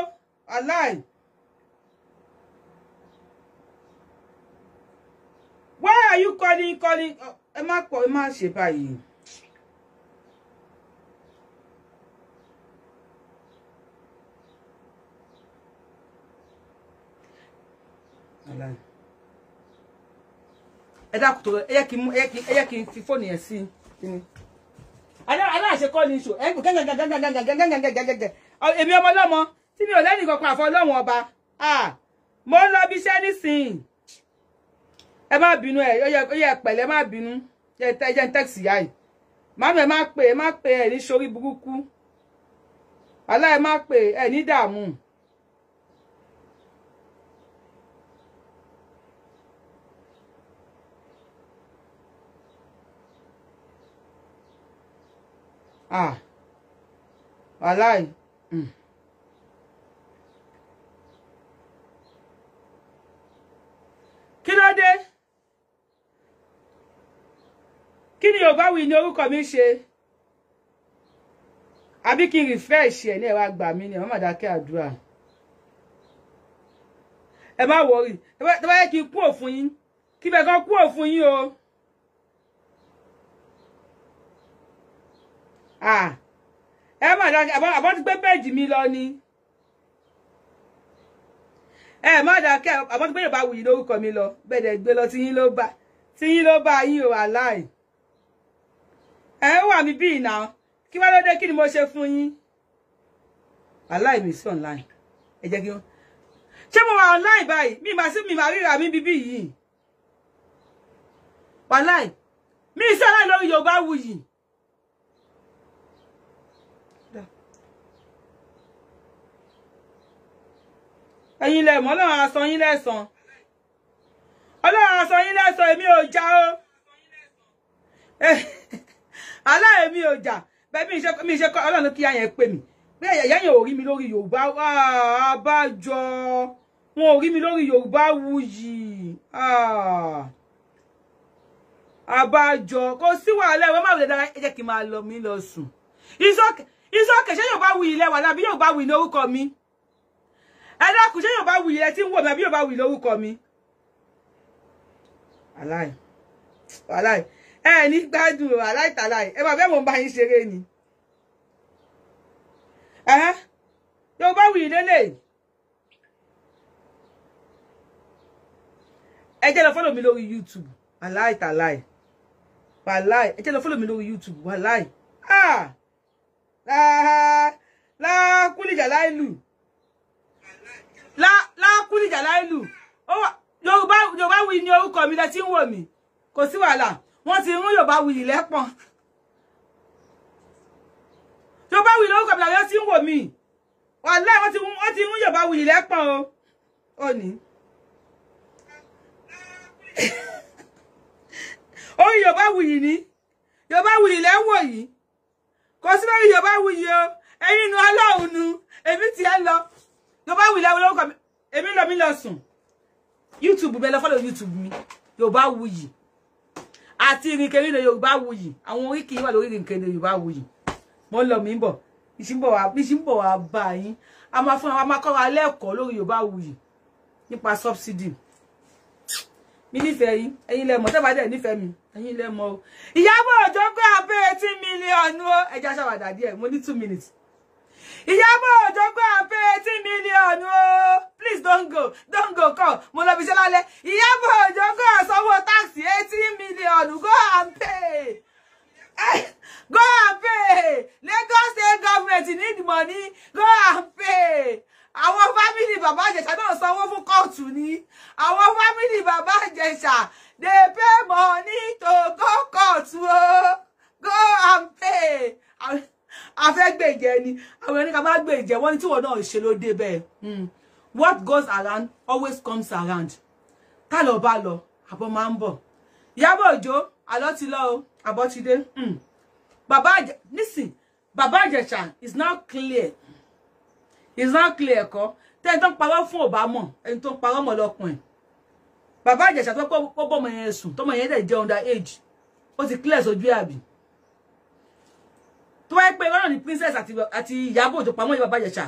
aláì. why are you calling calling oh, ẹ má pọ̀ ẹ má ṣe báyìí. ẹ dákun tó ẹ yẹ kí ẹ yẹ kí n fi fóònù yẹn sí kíni. aláàṣẹ kọ́ ni iṣu ẹ̀kú gẹ́gẹ́gẹ́gẹ́gẹ́gẹ́gẹ́gẹ́gẹ́gẹ́ èmi ọmọ ọlọ́mọ tí mi ò lẹ́nu ìkọ̀kan àfọ ọlọ́run ọba ah, mo ń lọ bí iṣẹ́ nísìnyí ẹ má bínú ẹ ó yẹ pẹ̀lẹ́ má bínú ẹ jẹ́ ń tẹ́kìsì yá yìí màmá ẹ má pè é má pè ẹ ní sórí burúkú àlá ẹ má pè ẹ ní dààmú. ah wàláì mm. kí ló dé kí ni yorùbá wí ni orúkọ mi ṣe àbí kí n rìfẹ́ ìṣe ẹ̀ ní ẹ̀rọ àgbà mi ni ẹ̀ má dákẹ́ àdúrà ẹ má wọrí tó bá yẹ kí n kú òfun yín kí bẹ́ẹ̀ kan kú òfun yín o. ẹ má dákẹ́ àbọ̀ ti gbé péjì mi lọ ni ẹ má dákẹ́ àbọ̀ ti gbé Yorùbá Wuyì lórúkọ mi lọ bẹ́ẹ̀ dẹ̀ gbé lọ tí yín ló bá yín o aláì ẹ ń wà mí bíi náà kí wá lóde kí ni mo ṣe fún yín aláìmí online ẹ jẹ́ kí wọ́n ṣé mo wà online báyìí mi máa sí mi máa ríra mi bíbí yìí wàláì mi sí online lórí yorùbá wù yìí. ẹ̀yin lẹ mọ̀ Ọlọ́run á san yín lẹ́san Ọlọ́run á san yín lẹ́san èmi ò já o aláìmí ò jà bẹ́ẹ̀ mi ìṣe mi ìṣe ọlọ́run kí yẹn pè mí bẹ́ẹ̀ yẹ̀yẹ́ yẹn ò rí mi lórí yorùbá àbájọ wọn ò rí mi lórí yorùbá wuyì àbájọ kò sí wàhálà ẹ̀wọ́n máa wùlẹ̀ dára ẹ jẹ́ kí n máa lọ mí lọ sùn ìsọ́kẹ̀ ṣé yorùbá wuyì lẹ́wà lábí yorùbá wuyì lórúkọ mi ẹ dákun ṣé yorùbá wuyì ẹ ti ń wò mí àbí yorùbá wuyì lórúkọ mi aláì aláì ẹ ní gbádùn aláìtàláì ẹ bàbá mo ń bá yín ṣeré ni yorùbá wì lélẹ̀ ẹ jẹ́ lọ fọ́lọ̀ mi lórí youtube aláìtàláì wàláì ẹ jẹ́ lọ fọ́lọ̀ mi lórí youtube wàláì láàkúlìjà láìlù láàkúlìjà láìlù yorùbá wì ní orúkọ mi lẹ tí ń wò mí kò sí wàhálà wọ́n ti rún Yorùbá wuyì lẹ́pọ̀n Yorùbá wuyì lórúkọ mi làwọn ti ń wò mí wàláì wọ́n ti rún Yorùbá wuyì lẹ́pọ̀n o ò ní. orí Yorùbá wuyì ni Yorùbá wuyì lẹ́wọ̀ yìí kò sí lórí Yorùbá wuyì o ẹ̀yin nu Ọlọ́run nu èmi ti ẹ lọ Yorùbá wuyì lẹ́wọ̀ lórúkọ mi èmi lọ mi lọ sùn YouTube bẹ́ẹ̀ lọ fọ́lọ̀ YouTube mi Yorùbá wuyì àti ìrìnkèrè ilẹ̀ yorùbá wuyì àwọn oríkì wà lórí ìrìnkèrè ilẹ̀ yorùbá wuyì mo lọ mí bọ̀ ìṣínbọ̀ wà bá yín a máa fún wa máa kọ́ra lẹ́ẹ̀kọ́ lórí yorùbá wuyì nípa subsidy mi nífẹ̀ẹ́ yín ẹ̀yin lẹ́mọ̀ tẹ́bà dẹ̀ nífẹ̀ẹ́ mi ẹ̀yin lẹ́mọ̀ o Ìyábọ̀ Òjó pé abẹ́rẹ́ tí mílíọ̀nù ẹja ṣàwàdà díẹ̀ mo ní two minutes Ìyábọ̀ Òjó gbà pé eighteen million o please don't go don't go come mo lọ fi ṣe lálẹ́ Ìyábọ̀ Òjó gbà sanwó táàsì eighteen million go and pay go and pay Lagos state government need money go and pay àwọn fámìlì bàbá Ìjẹ̀ṣà náà sanwó fún kóòtù ni àwọn fámìlì bàbá Ìjẹ̀ṣà dey pay money to go court o go and pay a fẹ́ gbèjẹ ni àwọn ẹni ká má gbèjẹ wọ́n ní tí wọ́n náà ṣe ló dé bẹ́ẹ̀ hmm. what goes around always comes around ká lọ bá lọ àbọ̀ máa ń bọ̀ Ìyábọ̀ Òjó àlọ́ ti lọ o àbọ̀ ti dé hmm. bàbá àjẹ nísìn bàbá Ìjẹ̀ṣà is now clear is now clear kọ́ tẹ́ni tó ń parọ́ fún ọ̀bá mọ̀ ẹni tó ń parọ́ mọ̀ lọ́kùnrin bàbá Ìjẹ̀ṣà tó pọ̀ bọ́mọ yẹn sùn tọmọ yẹn dẹ̀ jẹ́ under age ó ti clear sójú àbí. So tó wáyé pé ọlọ́run ní princess àti ìyàbọ̀ òjò pamọ́ ìyá bàbá ìjẹ̀ṣà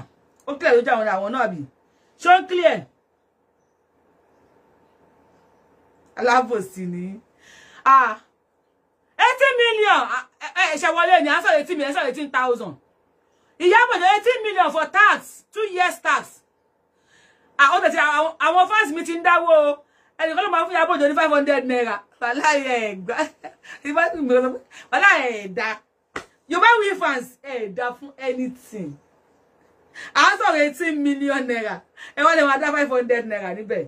ó clear lójú àwọn àwọn náà bì ṣé ó clear alábòsí ni ah eighteen million ẹ̀ṣẹ̀ ah, eh, wọlé ni answer eighteen million answer eighteen thousand ìyàbọ̀ òjò eighteen million for tax two years tax ah, àwọn tẹ̀sí àwọn fans mi ti ń dáwó ẹnìkan ló máa fún ìyàbọ̀ òjò ní five hundred naira wàhálà ẹ̀ gbà wàhálà ẹ̀ dá yorùbá wí fans eh? dá fún anything I also sọ̀rọ̀ eighteen million naira ẹ wọ́n they want? dá five hundred naira níbẹ̀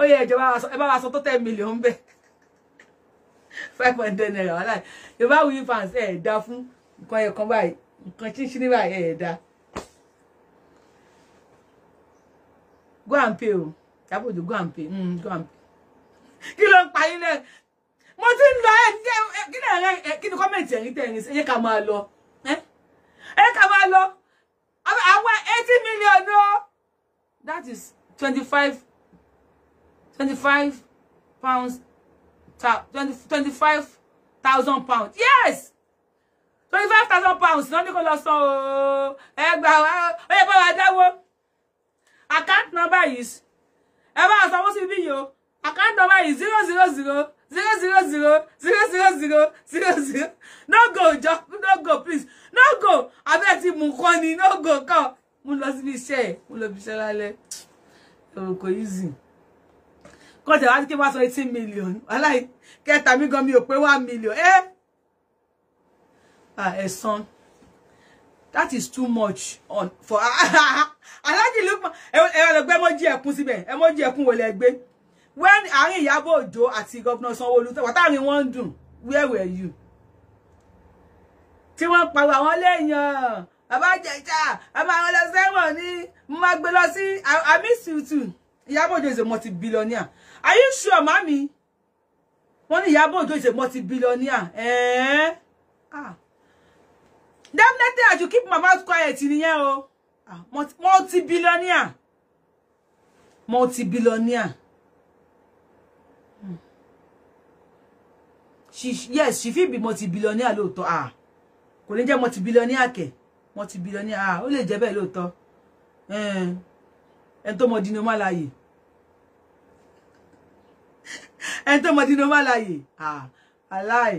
ó yẹ ìjọba ẹ You buy. sọ tó ten million bẹ́ẹ̀ five hundred naira wàhálà yorùbá wí fans eh? dá fún nǹkan ẹ̀kan báyìí nǹkan ṣíṣí ní báyìí ẹ dá. go and pay o yàgò jù go and pay mm, go and pay kí ló pa yín mo ti ń lọ ẹ kí ni ẹ̀rẹ́ kí ni kọ́mẹ̀ntì ẹ̀rín tẹ̀rín sí ẹ ká máa lọ ẹ ká máa lọ àwọn eighty million o that is twenty five twenty five pounds twenty five thousand pounds yes twenty five thousand pounds lọ́ní kò lọ san o ẹ gbà ó yẹ bá wa dáwó account number is ẹ bá sanwó sí bí yìí o account number is zero zero zero zero zero zero zero zero zero zero zero no go jọ no go please no go abẹ́ ti mú kọ́ no go Come, mo lọ síbi iṣẹ́ ẹ̀ mo lọ bí iṣẹ́ lálẹ́ ẹ̀rọ kò easy kọ́ tẹ̀ wá sí kí wọ́n sọ eighteen million aláì kẹta mi gan mi ò pé one million Eh? Ah, ẹ́ son. that is too much on for look. aláàjì lukman ẹ̀rọ lọ gbé emoji ẹ̀kún síbẹ̀ emoji ẹ̀kún wọlé ẹgbẹ́ when àárín Ìyábọ̀ Òjó àti Governor? Sanwó-Olú tẹ́wọ̀ táàrin wọn ń dùn where were you tí wọ́n pariwo àwọn léèyàn bàbá jẹjà a máa wọn lọ sẹ́wọ̀n ní mo máa gbé lọ I miss you too Ìyábọ̀ Òjó is a multi-billionaire are you sure mami wọ́n ní Ìyábọ̀ Òjó is a multi-billionaire Eh? ah let as you keep my mouth quiet nìyẹn o ah, multi-billionaire multi-billionaire. she yes she fit be multi billionaire lóòótọ́ ah kò ní jẹ́ multi billionaire kẹ̀ multi billionaire ah ó lè jẹ́ bẹ́ẹ̀ lóòótọ́ ẹni tó mọ dino má láàyè ẹni tó mọ dino má láàyè ah aláì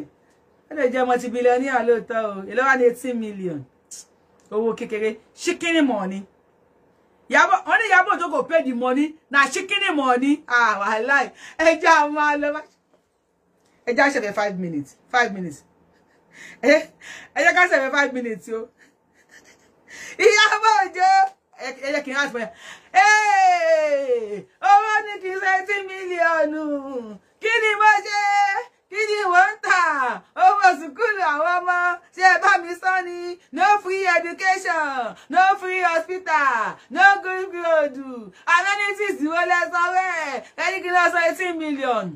ó lè jẹ́ multi billionaire lóòótọ́ o eleven eighteen million owó kékeré ṣíkínì mọ̀ ni yabo only yabo to go pay the money na chicken money ah wallahi ẹ ja ma lọ ẹ já ṣẹ̀fẹ̀ five minutes five minutes ẹ jẹ́ ká ṣẹ̀fẹ̀ five minutes yo. Ìyábọ̀ Òjó ẹ jẹ́ kí n rántí pẹ́ owó ní kí n ṣe tí mílíọ̀nù kí ni mo ṣe kí ni mo ń school owó sùkúlù àwọn ọmọ ṣe bá mi sọ no free education no free hospital no good road amenities wo lẹ sọ rẹ ẹ ní kí n lọ sọ eighteen million.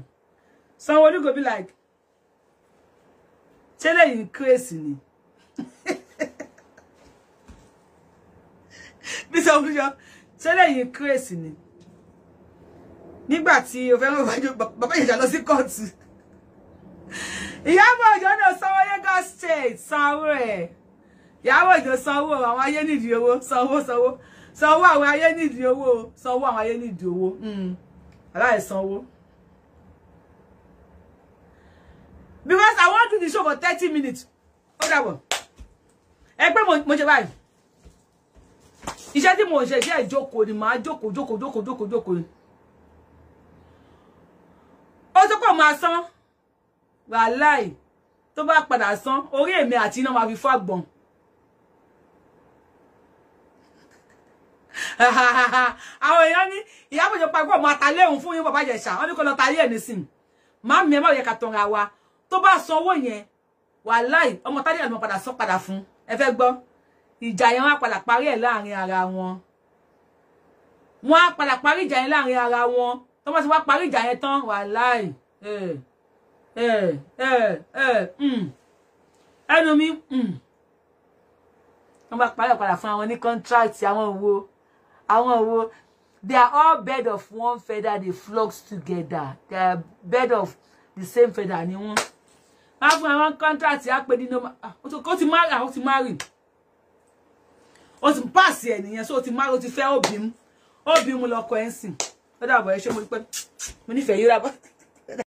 Sanwo-Olu go be like, Tele you crazy ni. Bí Sanwo-Olu jọ, Tele you crazy ni. Nígbà tí o fẹ́ mọ̀ bàbá you lọ sí kóòtù. Ìyábọ̀ Òjó náà sanwó Lagos State sanwó ẹ̀. Ìyábọ̀ Òjó sanwó àwọn ayé nídìí owó you sanwó sanwó àwọn ayé nídìí owó sanwó àwọn ayé nídìí owó. Hmm. Aláìsanwó. Mm. because I want to do the show for 30 minutes. Hold that one. pé mo ṣe báyìí. Iṣẹ́ tí mo ṣe iṣẹ́ ìjókòó ni màá Joko. jókòó jókòó jókòó jókòó ni. Ó tó pọ̀ máa sán. Wàláì tó bá padà sán orí èmi àti iná máa fi fọ́ àgbọ̀n. Àwọn èèyàn ní ìyá àpèjọpọ̀ àgbọ̀n máa ta léhùn fún yín bàbá Ìjẹ̀ṣà. Wọ́n ní kó lọ ta ayé ẹ̀ nísìnyí. Má mi ẹ má yẹ ká tanra wa tó bá sanwó yẹn wàláì ọmọ tádé àlùmọ padà sọ padà fún ẹ fẹ́ gbọ́ ìjà yẹn wọn á padà parí ẹ̀ láàrin ara wọn wọn á padà parí ìjà yẹn láàrin ara wọn tó bá ti wá parí ìjà yẹn tán wàláì mm. ẹnu mi wọn mm. bá parí ẹ̀ padà fún àwọn ní kọńtráàtì àwọn òwò àwọn òwò they are all bed of one feather they flock together they are bird of the same feather ni wọn a fún àwọn kọ́ńtàtì á pè ní nọ́mbà ah, ó ti márì ó ti márì ah, ó ti pass ẹnìyẹn so ó ti márì ó ti fẹ́ òbí mu òbí mu lọkọ ẹ̀ ń sìn ó dàbọ̀ ẹ ṣé mo rí pé mo nífẹ̀ẹ́ yíra bá.